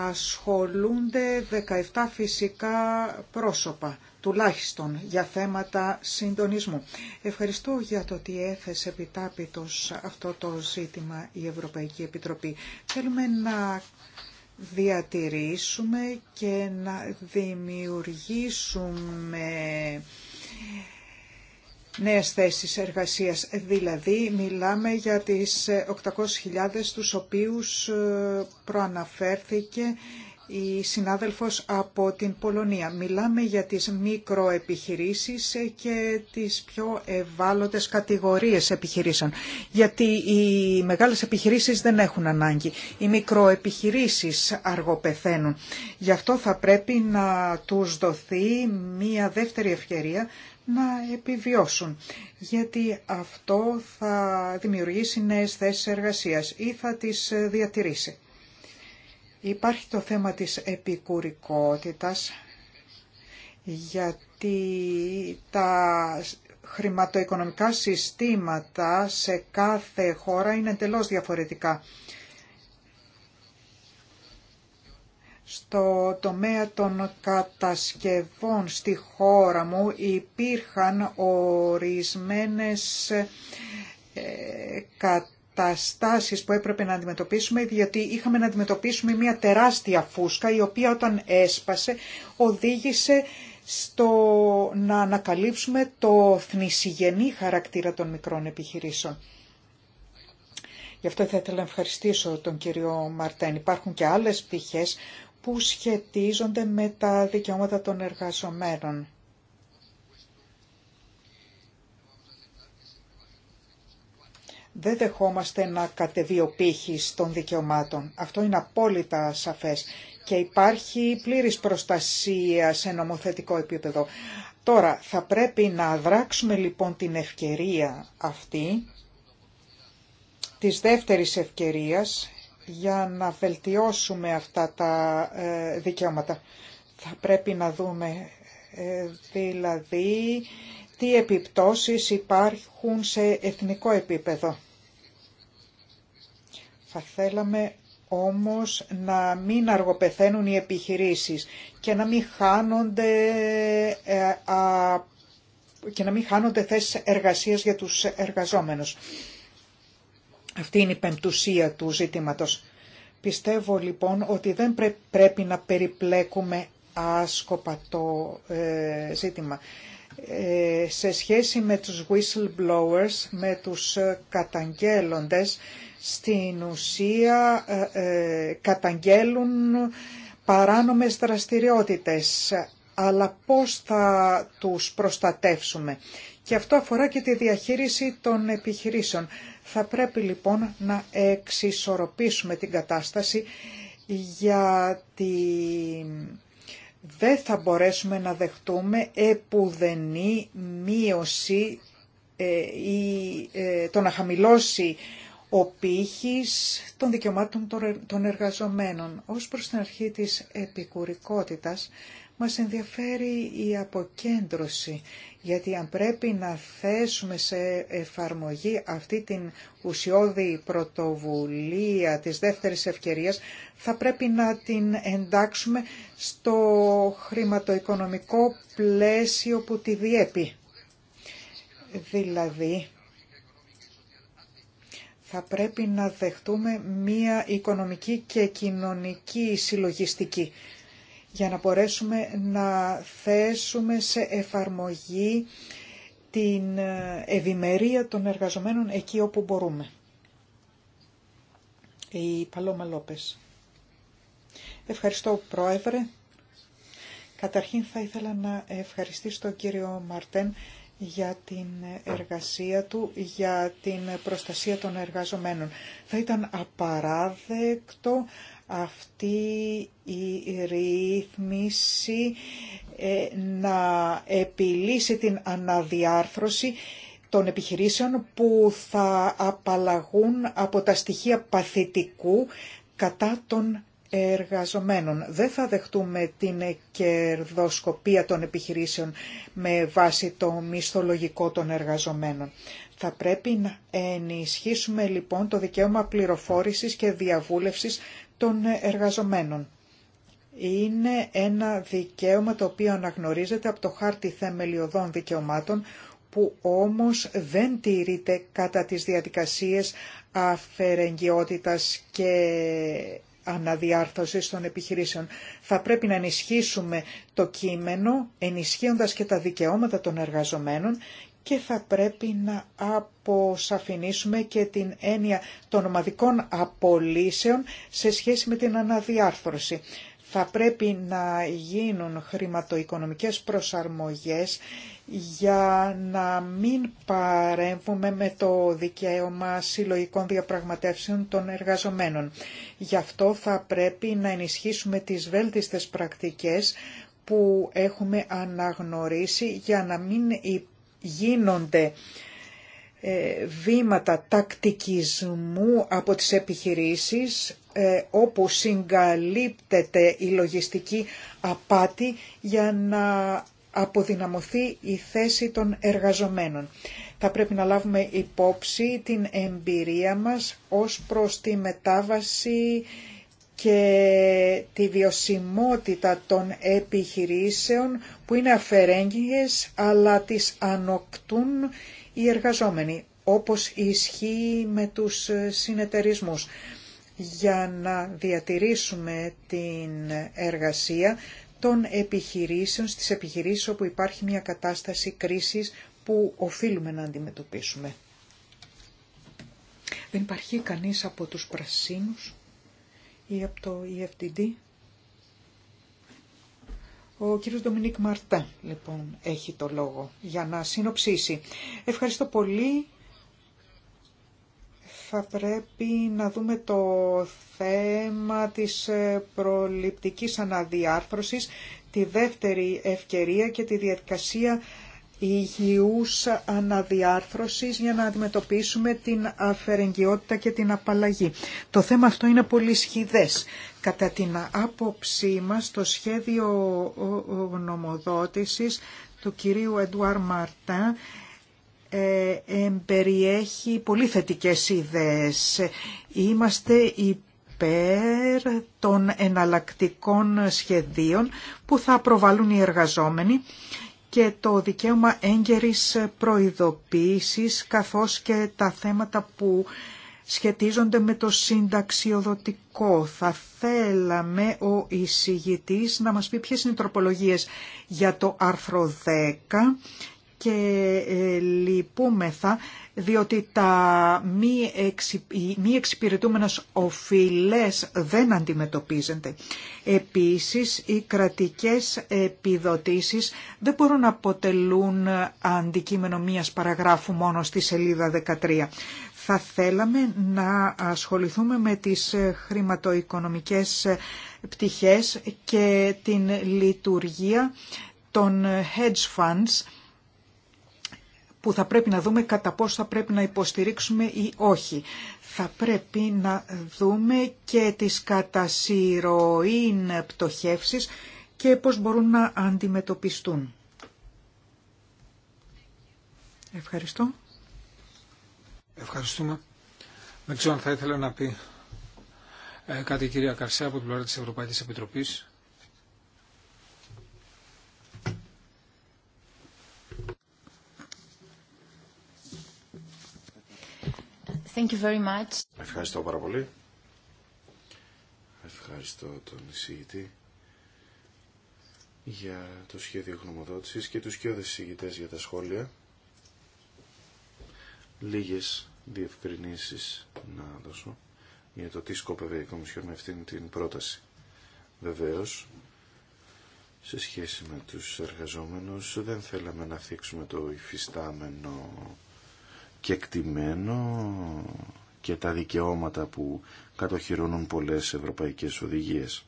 ασχολούνται 17 φυσικά πρόσωπα τουλάχιστον για θέματα συντονισμού. Ευχαριστώ για το ότι έθεσε επιτάπητος αυτό το ζήτημα η Ευρωπαϊκή Επιτροπή. Θέλουμε να διατηρήσουμε και να δημιουργήσουμε νέες θέσεις εργασίας. Δηλαδή μιλάμε για τις 800.000 τους οποίους ε, προαναφέρθηκε η συνάδελφος από την Πολωνία. Μιλάμε για τις μικροεπιχειρήσεις και τις πιο ευάλωτες κατηγορίες επιχειρήσεων. Γιατί οι μεγάλες επιχειρήσεις δεν έχουν ανάγκη. Οι μικροεπιχειρήσεις αργοπεθαίνουν. Γι' αυτό θα πρέπει να τους δοθεί μία δεύτερη ευκαιρία να επιβιώσουν. Γιατί αυτό θα δημιουργήσει νέες θέσεις εργασίας ή θα τις διατηρήσει. Υπάρχει το θέμα της επικουρικότητας, γιατί τα χρηματοοικονομικά συστήματα σε κάθε χώρα είναι εντελώς διαφορετικά. Στο τομέα των κατασκευών στη χώρα μου υπήρχαν ορισμένες ε, στάσεις που έπρεπε να αντιμετωπίσουμε, διότι είχαμε να αντιμετωπίσουμε μια τεράστια φούσκα, η οποία όταν έσπασε οδήγησε στο να ανακαλύψουμε το θνησιγενή χαρακτήρα των μικρών επιχειρήσεων. Γι' αυτό θα ήθελα να ευχαριστήσω τον κύριο Μαρτέν. Υπάρχουν και άλλες πτυχές που σχετίζονται με τα δικαιώματα των εργαζομένων. δεν δεχόμαστε να κατεβεί ο πύχης των δικαιωμάτων. Αυτό είναι απόλυτα σαφές και υπάρχει πλήρης προστασία σε νομοθετικό επίπεδο. Τώρα θα πρέπει να δράξουμε λοιπόν την ευκαιρία αυτή, της δεύτερης ευκαιρίας, για να βελτιώσουμε αυτά τα ε, δικαιώματα. Θα πρέπει να δούμε ε, δηλαδή τι επιπτώσεις υπάρχουν σε εθνικό επίπεδο. Θα θέλαμε όμως να μην αργοπεθαίνουν οι επιχειρήσεις και να μην χάνονται, ε, και να μην χάνονται θέσεις εργασίας για τους εργαζόμενους. Αυτή είναι η πεμπτουσία του ζητήματος. Πιστεύω λοιπόν ότι δεν πρέπει να περιπλέκουμε άσκοπα το ε, ζήτημα. Ε, σε σχέση με τους whistleblowers, με τους ε, καταγγέλλοντες, στην ουσία ε, καταγγέλουν παράνομες δραστηριότητες. Αλλά πώς θα τους προστατεύσουμε. Και αυτό αφορά και τη διαχείριση των επιχειρήσεων. Θα πρέπει λοιπόν να εξισορροπήσουμε την κατάσταση για την δεν θα μπορέσουμε να δεχτούμε επουδενή μείωση ε, ή ε, το να χαμηλώσει ο πύχης των δικαιωμάτων των εργαζομένων. Ως προς την αρχή της επικουρικότητας, μας ενδιαφέρει η αποκέντρωση, γιατί αν πρέπει να θέσουμε σε εφαρμογή αυτή την ουσιώδη πρωτοβουλία της δεύτερης ευκαιρίας, θα πρέπει να την εντάξουμε στο χρηματοοικονομικό πλαίσιο που τη διέπει. Δηλαδή, θα πρέπει να δεχτούμε μία οικονομική και κοινωνική συλλογιστική για να μπορέσουμε να θέσουμε σε εφαρμογή την ε, ευημερία των εργαζομένων εκεί όπου μπορούμε. Η Παλώμα Λόπες. Ευχαριστώ Πρόεδρε. Καταρχήν θα ήθελα να ευχαριστήσω τον κύριο Μαρτέν για την εργασία του, για την προστασία των εργαζομένων. Θα ήταν απαράδεκτο αυτή η ρύθμιση ε, να επιλύσει την αναδιάρθρωση των επιχειρήσεων που θα απαλλαγούν από τα στοιχεία παθητικού κατά των εργαζομένων. Δεν θα δεχτούμε την κερδοσκοπία των επιχειρήσεων με βάση το μισθολογικό των εργαζομένων. Θα πρέπει να ενισχύσουμε λοιπόν το δικαίωμα πληροφόρησης και διαβούλευσης των εργαζομένων. Είναι ένα δικαίωμα το οποίο αναγνωρίζεται από το χάρτη θεμελιωδών δικαιωμάτων που όμως δεν τηρείται κατά τις διαδικασίες αφαιρεγγιότητας και αναδιάρθρωσης των επιχειρήσεων. Θα πρέπει να ενισχύσουμε το κείμενο ενισχύοντας και τα δικαιώματα των εργαζομένων και θα πρέπει να αποσαφηνίσουμε και την έννοια των ομαδικών απολύσεων σε σχέση με την αναδιάρθρωση. Θα πρέπει να γίνουν χρηματοοικονομικές προσαρμογές για να μην παρέμβουμε με το δικαίωμα συλλογικών διαπραγματεύσεων των εργαζομένων. Γι' αυτό θα πρέπει να ενισχύσουμε τις βέλτιστες πρακτικές που έχουμε αναγνωρίσει για να μην γίνονται ε, βήματα τακτικισμού από τις επιχειρήσεις ε, όπου συγκαλύπτεται η λογιστική απάτη για να αποδυναμωθεί η θέση των εργαζομένων. Θα πρέπει να λάβουμε υπόψη την εμπειρία μας ως προς τη μετάβαση και τη βιωσιμότητα των επιχειρήσεων που είναι αφαιρέγγιες αλλά τις ανοκτούν οι εργαζόμενοι, όπως ισχύει με τους συνεταιρισμούς. Για να διατηρήσουμε την εργασία των επιχειρήσεων, στις επιχειρήσεις όπου υπάρχει μια κατάσταση κρίσης που οφείλουμε να αντιμετωπίσουμε. Δεν υπάρχει κανείς από τους πρασίνους ή από το EFTD. Ο κύριος Ντομινίκ Μαρτά, λοιπόν, έχει το λόγο για να συνοψίσει. Ευχαριστώ πολύ. Θα πρέπει να δούμε το θέμα της προληπτικής αναδιάρθρωσης, τη δεύτερη ευκαιρία και τη διαδικασία υγιούς αναδιάρθρωσης για να αντιμετωπίσουμε την αφαιρεγγιότητα και την απαλλαγή. Το θέμα αυτό είναι πολύ σχηδές. Κατά την άποψή μας, το σχέδιο γνωμοδότησης του κυρίου Εντουάρ Μαρτά ε, περιέχει πολύ θετικές ιδέες. Είμαστε υπέρ των εναλλακτικών σχεδίων που θα προβάλλουν οι εργαζόμενοι και το δικαίωμα έγκαιρης προειδοποίησης καθώς και τα θέματα που σχετίζονται με το συνταξιοδοτικό. Θα θέλαμε ο εισηγητής να μας πει ποιες είναι οι τροπολογίες για το άρθρο 10 και ε, λυπούμεθα διότι τα μη, εξυ... μη οφειλές δεν αντιμετωπίζονται. Επίσης, οι κρατικές επιδοτήσεις δεν μπορούν να αποτελούν αντικείμενο μίας παραγράφου μόνο στη σελίδα 13. Θα θέλαμε να ασχοληθούμε με τις χρηματοοικονομικές πτυχές και την λειτουργία των hedge funds που θα πρέπει να δούμε κατά πόσο θα πρέπει να υποστηρίξουμε ή όχι. Θα πρέπει να δούμε και τις κατασυρωήν πτωχεύσεις και πώς μπορούν να αντιμετωπιστούν. Ευχαριστώ. Ευχαριστούμε. Δεν ξέρω αν θα ήθελα να πει ε, κάτι η κυρία Καρσέα από την πλευρά της Ευρωπαϊκής Επιτροπής. Thank you very Ευχαριστώ πάρα πολύ. Ευχαριστώ τον εισηγητή για το σχέδιο γνωμοδότησης και τους κοιόδες εισηγητές για τα σχόλια. Λίγες διευκρινήσεις να δώσω για το τι σκόπευε η Κομισιόν με αυτήν την πρόταση. Βεβαίως, σε σχέση με τους εργαζόμενους δεν θέλαμε να θίξουμε το υφιστάμενο και εκτιμένο και τα δικαιώματα που κατοχυρώνουν πολλές ευρωπαϊκές οδηγίες.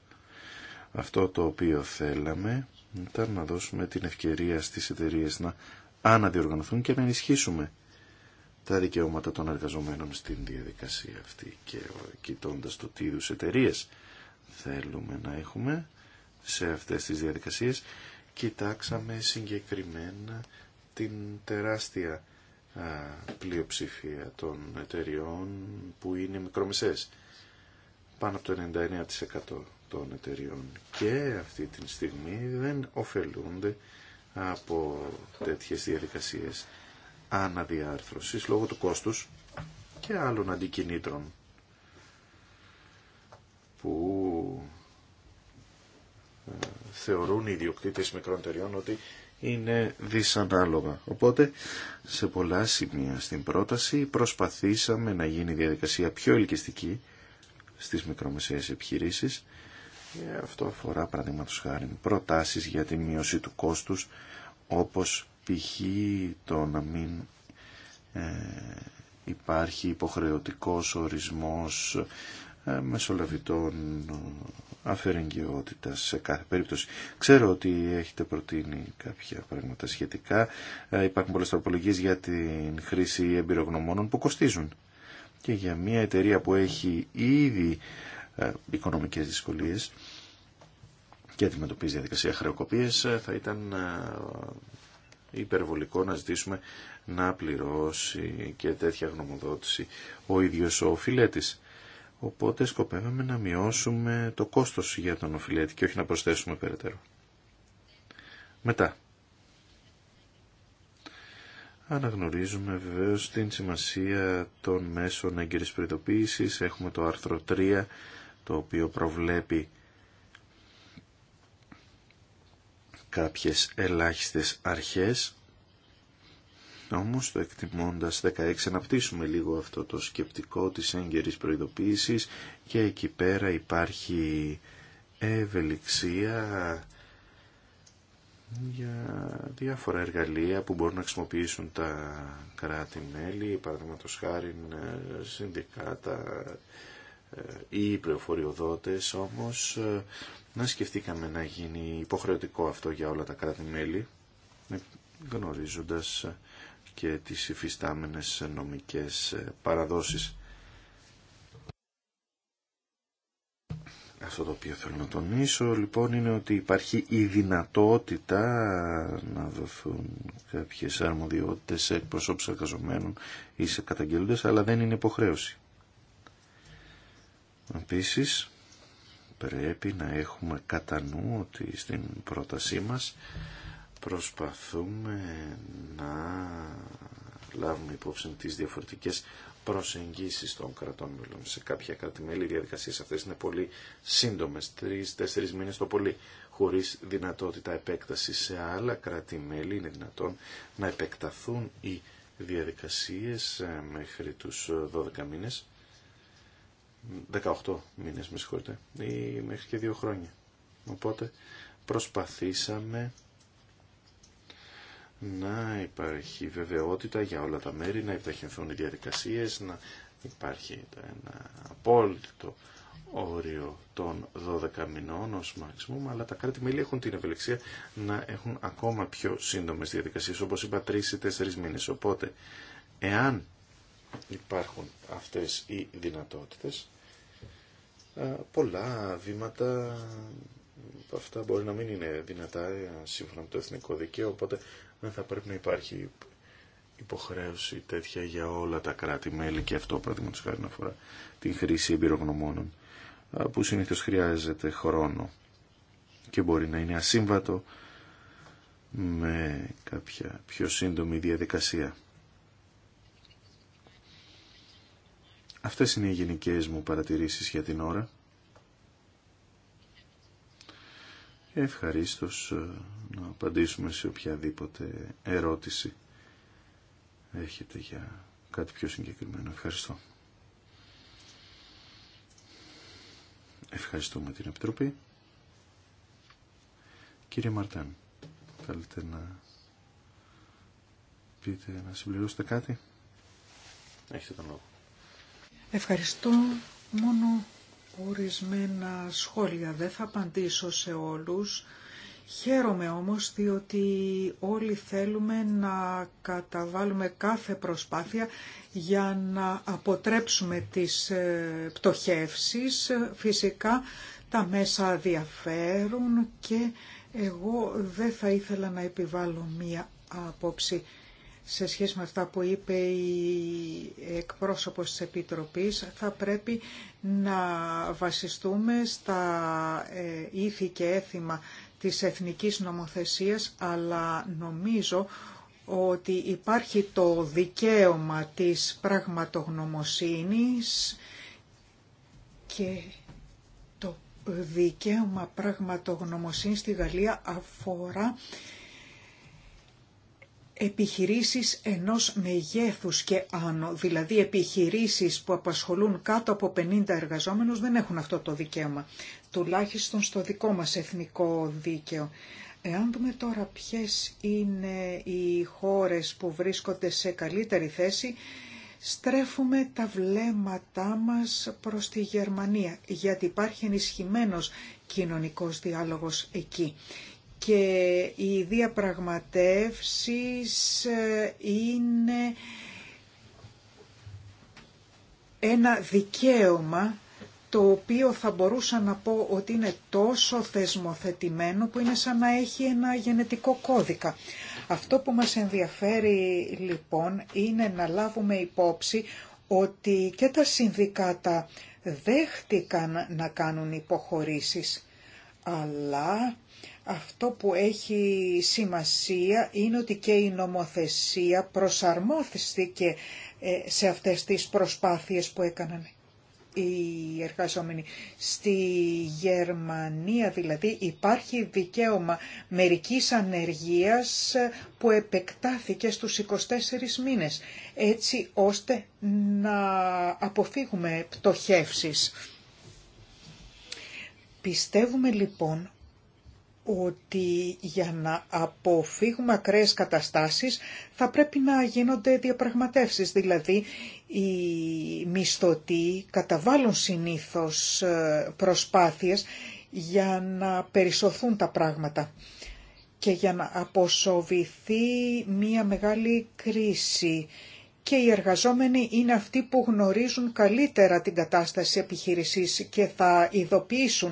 Αυτό το οποίο θέλαμε ήταν να δώσουμε την ευκαιρία στις εταιρείες να αναδιοργανωθούν και να ενισχύσουμε τα δικαιώματα των εργαζομένων στην διαδικασία αυτή και κοιτώντα το τι είδου εταιρείε θέλουμε να έχουμε σε αυτές τις διαδικασίες κοιτάξαμε συγκεκριμένα την τεράστια πλειοψηφία των εταιριών που είναι μικρομεσές Πάνω από το 99% των εταιριών και αυτή τη στιγμή δεν ωφελούνται από τέτοιες διαδικασίες αναδιάρθρωσης λόγω του κόστους και άλλων αντικινήτρων που ε, θεωρούν οι ιδιοκτήτες μικρών εταιριών ότι είναι δυσανάλογα. Οπότε, σε πολλά σημεία στην πρόταση προσπαθήσαμε να γίνει η διαδικασία πιο ελκυστική στις μικρομεσαίες επιχειρήσεις και αυτό αφορά παραδείγματος χάρη προτάσεις για τη μείωση του κόστους όπως π.χ. το να μην ε, υπάρχει υποχρεωτικός ορισμός ε, μεσολαβητών ε, αφαιρεγγιότητας σε κάθε περίπτωση. Ξέρω ότι έχετε προτείνει κάποια πράγματα σχετικά. Ε, υπάρχουν πολλές τροπολογίες για την χρήση εμπειρογνωμόνων που κοστίζουν. Και για μια εταιρεία που έχει ήδη οικονομικές δυσκολίες και αντιμετωπίζει διαδικασία χρεοκοπίες θα ήταν υπερβολικό να ζητήσουμε να πληρώσει και τέτοια γνωμοδότηση ο ίδιος ο φιλέτης. Οπότε σκοπεύαμε να μειώσουμε το κόστος για τον οφηλέτη και όχι να προσθέσουμε περαιτέρω. Μετά. Αναγνωρίζουμε βεβαίως την σημασία των μέσων έγκυρης προειδοποίησης. Έχουμε το άρθρο 3, το οποίο προβλέπει κάποιες ελάχιστες αρχές όμως το εκτιμώντας 16 αναπτύσσουμε λίγο αυτό το σκεπτικό της έγκαιρης προειδοποίησης και εκεί πέρα υπάρχει ευελιξία για διάφορα εργαλεία που μπορούν να χρησιμοποιήσουν τα κράτη-μέλη, παραδείγματο χάρη συνδικάτα ε, ή πληροφοριοδότες, όμως ε, να σκεφτήκαμε να γίνει υποχρεωτικό αυτό για όλα τα κράτη-μέλη, γνωρίζοντας ε, και τις υφιστάμενες νομικές ε, παραδόσεις. Αυτό το οποίο θέλω να τονίσω λοιπόν είναι ότι υπάρχει η δυνατότητα να δοθούν κάποιες αρμοδιότητες σε εκπροσώπους εργαζομένων ή σε καταγγελούντες, αλλά δεν είναι υποχρέωση. Επίσης, πρέπει να έχουμε κατά νου ότι στην πρότασή μας προσπαθούμε να λάβουμε υπόψη τις διαφορετικές προσεγγίσεις των κρατών μελών. Σε κάποια κρατημέλη οι διαδικασίες αυτές είναι πολύ σύντομες, τρεις-τέσσερις μήνες το πολύ, χωρίς δυνατότητα επέκταση Σε άλλα κρατημέλη είναι δυνατόν να επεκταθούν οι διαδικασίες ε, μέχρι τους 12 μήνες, 18 μήνες με συγχωρείτε, ή μέχρι και δύο χρόνια. Οπότε προσπαθήσαμε να υπάρχει βεβαιότητα για όλα τα μέρη, να επιταχυνθούν οι διαδικασίες, να υπάρχει ένα απόλυτο όριο των 12 μηνών ως maximum, αλλά τα κράτη-μέλη έχουν την ευελιξία να έχουν ακόμα πιο σύντομες διαδικασίες, όπως είπα, 3 ή 4 μήνες. Οπότε, εάν υπάρχουν αυτές οι δυνατότητες, πολλά βήματα αυτά μπορεί να μην είναι δυνατά σύμφωνα με το εθνικό δικαίο, οπότε δεν θα πρέπει να υπάρχει υποχρέωση τέτοια για όλα τα κράτη-μέλη και αυτό παραδείγματο χάρη να αφορά την χρήση εμπειρογνωμόνων που συνήθως χρειάζεται χρόνο και μπορεί να είναι ασύμβατο με κάποια πιο σύντομη διαδικασία. Αυτές είναι οι γενικές μου παρατηρήσεις για την ώρα. Ευχαριστώ ε, να απαντήσουμε σε οποιαδήποτε ερώτηση έχετε για κάτι πιο συγκεκριμένο. Ευχαριστώ. Ευχαριστούμε την Επιτροπή. Κύριε Μαρτάν, θέλετε να πείτε, να συμπληρώσετε κάτι. Έχετε τον λόγο. Ευχαριστώ. Μόνο ορισμένα σχόλια. Δεν θα απαντήσω σε όλους. Χαίρομαι όμως διότι όλοι θέλουμε να καταβάλουμε κάθε προσπάθεια για να αποτρέψουμε τις ε, πτωχεύσεις. Φυσικά τα μέσα διαφέρουν και εγώ δεν θα ήθελα να επιβάλλω μία άποψη σε σχέση με αυτά που είπε η εκπρόσωπος της Επιτροπής, θα πρέπει να βασιστούμε στα ε, ήθη και έθιμα της εθνικής νομοθεσίας, αλλά νομίζω ότι υπάρχει το δικαίωμα της πραγματογνωμοσύνης και το δικαίωμα πραγματογνωμοσύνης στη Γαλλία αφορά επιχειρήσεις ενός μεγέθους και άνω, δηλαδή επιχειρήσεις που απασχολούν κάτω από 50 εργαζόμενους δεν έχουν αυτό το δικαίωμα, τουλάχιστον στο δικό μας εθνικό δίκαιο. Εάν δούμε τώρα ποιες είναι οι χώρες που βρίσκονται σε καλύτερη θέση, στρέφουμε τα βλέμματά μας προς τη Γερμανία, γιατί υπάρχει ενισχυμένος κοινωνικός διάλογος εκεί και οι διαπραγματεύσεις ε, είναι ένα δικαίωμα το οποίο θα μπορούσα να πω ότι είναι τόσο θεσμοθετημένο που είναι σαν να έχει ένα γενετικό κώδικα. Αυτό που μας ενδιαφέρει λοιπόν είναι να λάβουμε υπόψη ότι και τα συνδικάτα δέχτηκαν να κάνουν υποχωρήσεις αλλά αυτό που έχει σημασία είναι ότι και η νομοθεσία προσαρμόστηκε ε, σε αυτές τις προσπάθειες που έκαναν οι εργαζόμενοι. Στη Γερμανία δηλαδή υπάρχει δικαίωμα μερικής ανεργίας που επεκτάθηκε στους 24 μήνες έτσι ώστε να αποφύγουμε πτωχεύσεις Πιστεύουμε λοιπόν ότι για να αποφύγουμε ακραίες καταστάσεις θα πρέπει να γίνονται διαπραγματεύσεις. Δηλαδή οι μισθωτοί καταβάλουν συνήθως ε, προσπάθειες για να περισωθούν τα πράγματα και για να αποσοβηθεί μία μεγάλη κρίση και οι εργαζόμενοι είναι αυτοί που γνωρίζουν καλύτερα την κατάσταση επιχείρησης και θα ειδοποιήσουν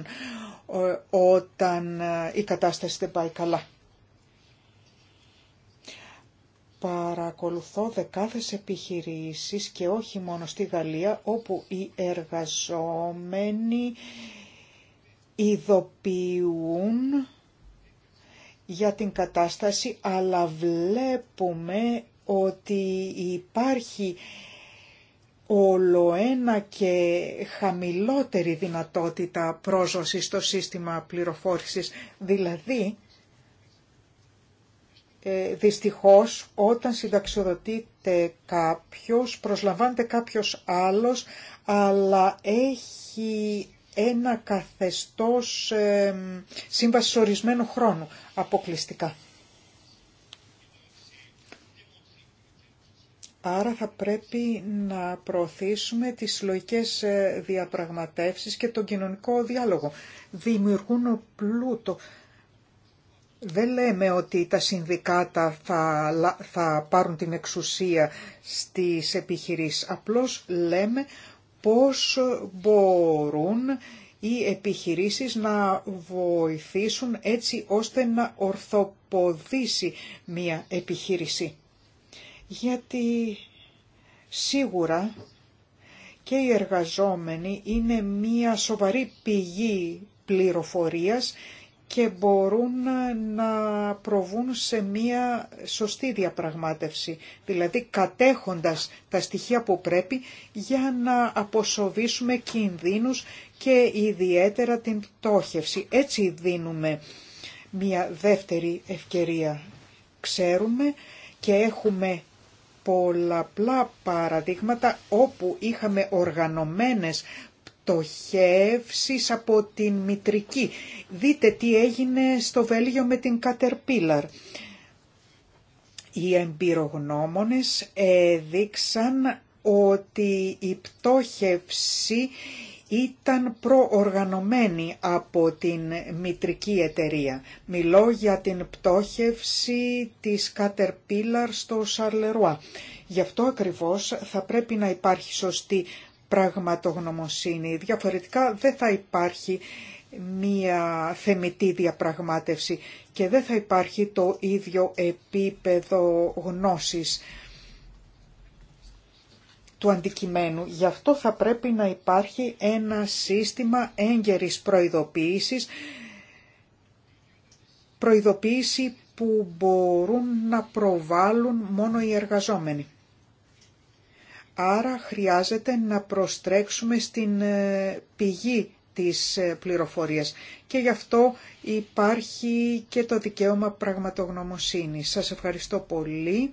ε, όταν ε, η κατάσταση δεν πάει καλά. Παρακολουθώ δεκάδες επιχειρήσεις και όχι μόνο στη Γαλλία όπου οι εργαζόμενοι ειδοποιούν για την κατάσταση αλλά βλέπουμε ότι υπάρχει ολοένα και χαμηλότερη δυνατότητα πρόσβαση στο σύστημα πληροφόρησης. Δηλαδή, ε, δυστυχώς όταν συνταξιοδοτείται κάποιος, προσλαμβάνεται κάποιος άλλος, αλλά έχει ένα καθεστώς ε, ορισμένου χρόνου αποκλειστικά. Άρα θα πρέπει να προωθήσουμε τις συλλογικέ ε, διαπραγματεύσεις και τον κοινωνικό διάλογο. Δημιουργούν πλούτο. Δεν λέμε ότι τα συνδικάτα θα, θα πάρουν την εξουσία στις επιχειρήσεις. Απλώς λέμε πώς μπορούν οι επιχειρήσεις να βοηθήσουν έτσι ώστε να ορθοποδήσει μια επιχείρηση γιατί σίγουρα και οι εργαζόμενοι είναι μία σοβαρή πηγή πληροφορίας και μπορούν να προβούν σε μία σωστή διαπραγμάτευση, δηλαδή κατέχοντας τα στοιχεία που πρέπει για να αποσοβήσουμε κινδύνους και ιδιαίτερα την πτώχευση. Έτσι δίνουμε μία δεύτερη ευκαιρία. Ξέρουμε και έχουμε πολλαπλά παραδείγματα όπου είχαμε οργανωμένες πτωχεύσεις από την μητρική. Δείτε τι έγινε στο Βέλγιο με την κατερπίλαρ. Οι εμπειρογνώμονες έδειξαν ότι η πτώχευση ήταν προοργανωμένη από την μητρική εταιρεία. Μιλώ για την πτώχευση της Caterpillar στο Σαρλερουά. Γι' αυτό ακριβώς θα πρέπει να υπάρχει σωστή πραγματογνωμοσύνη. Διαφορετικά δεν θα υπάρχει μία θεμητή διαπραγμάτευση και δεν θα υπάρχει το ίδιο επίπεδο γνώσης του αντικειμένου. Γι' αυτό θα πρέπει να υπάρχει ένα σύστημα έγκαιρης προειδοποίησης, προειδοποίηση που μπορούν να προβάλλουν μόνο οι εργαζόμενοι. Άρα χρειάζεται να προστρέξουμε στην ε, πηγή της ε, πληροφορίας και γι' αυτό υπάρχει και το δικαίωμα πραγματογνωμοσύνης. Σας ευχαριστώ πολύ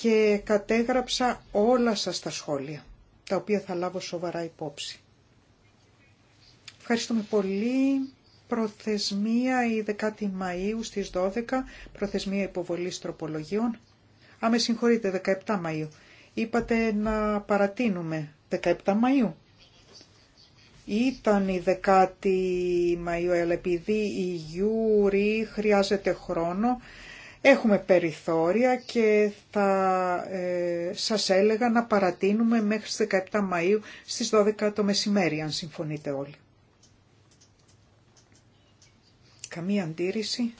και κατέγραψα όλα σας τα σχόλια, τα οποία θα λάβω σοβαρά υπόψη. Ευχαριστούμε πολύ. Προθεσμία η 10η Μαΐου στις 12, προθεσμία υποβολής τροπολογιών. Α, με συγχωρείτε, 17 Μαΐου. Είπατε να παρατείνουμε 17 Μαΐου. Ήταν η 10η Μαΐου, αλλά επειδή η Γιούρη χρειάζεται χρόνο, Έχουμε περιθώρια και θα ε, σας έλεγα να παρατείνουμε μέχρι τις 17 Μαΐου στις 12 το μεσημέρι, αν συμφωνείτε όλοι. Καμία αντίρρηση.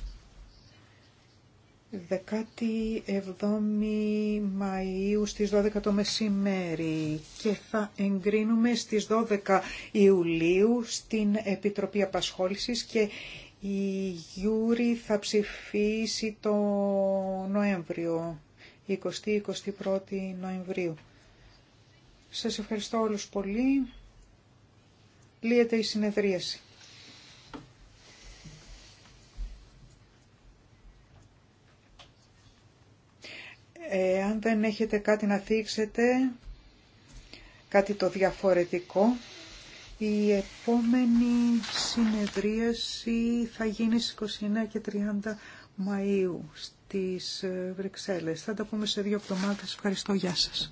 17 Μαΐου στις 12 το μεσημέρι και θα εγκρίνουμε στις 12 Ιουλίου στην Επιτροπή Απασχόλησης και η Γιούρη θα ψηφίσει το Νοέμβριο, 20-21 Νοεμβρίου. Σας ευχαριστώ όλους πολύ. Λύεται η συνεδρίαση. Ε, αν δεν έχετε κάτι να θίξετε, κάτι το διαφορετικό, η επόμενη συνεδρίαση θα γίνει στις 29 και 30 Μαΐου στις Βρυξέλλες. Θα τα πούμε σε δύο εβδομάδες. Ευχαριστώ. Γεια σας.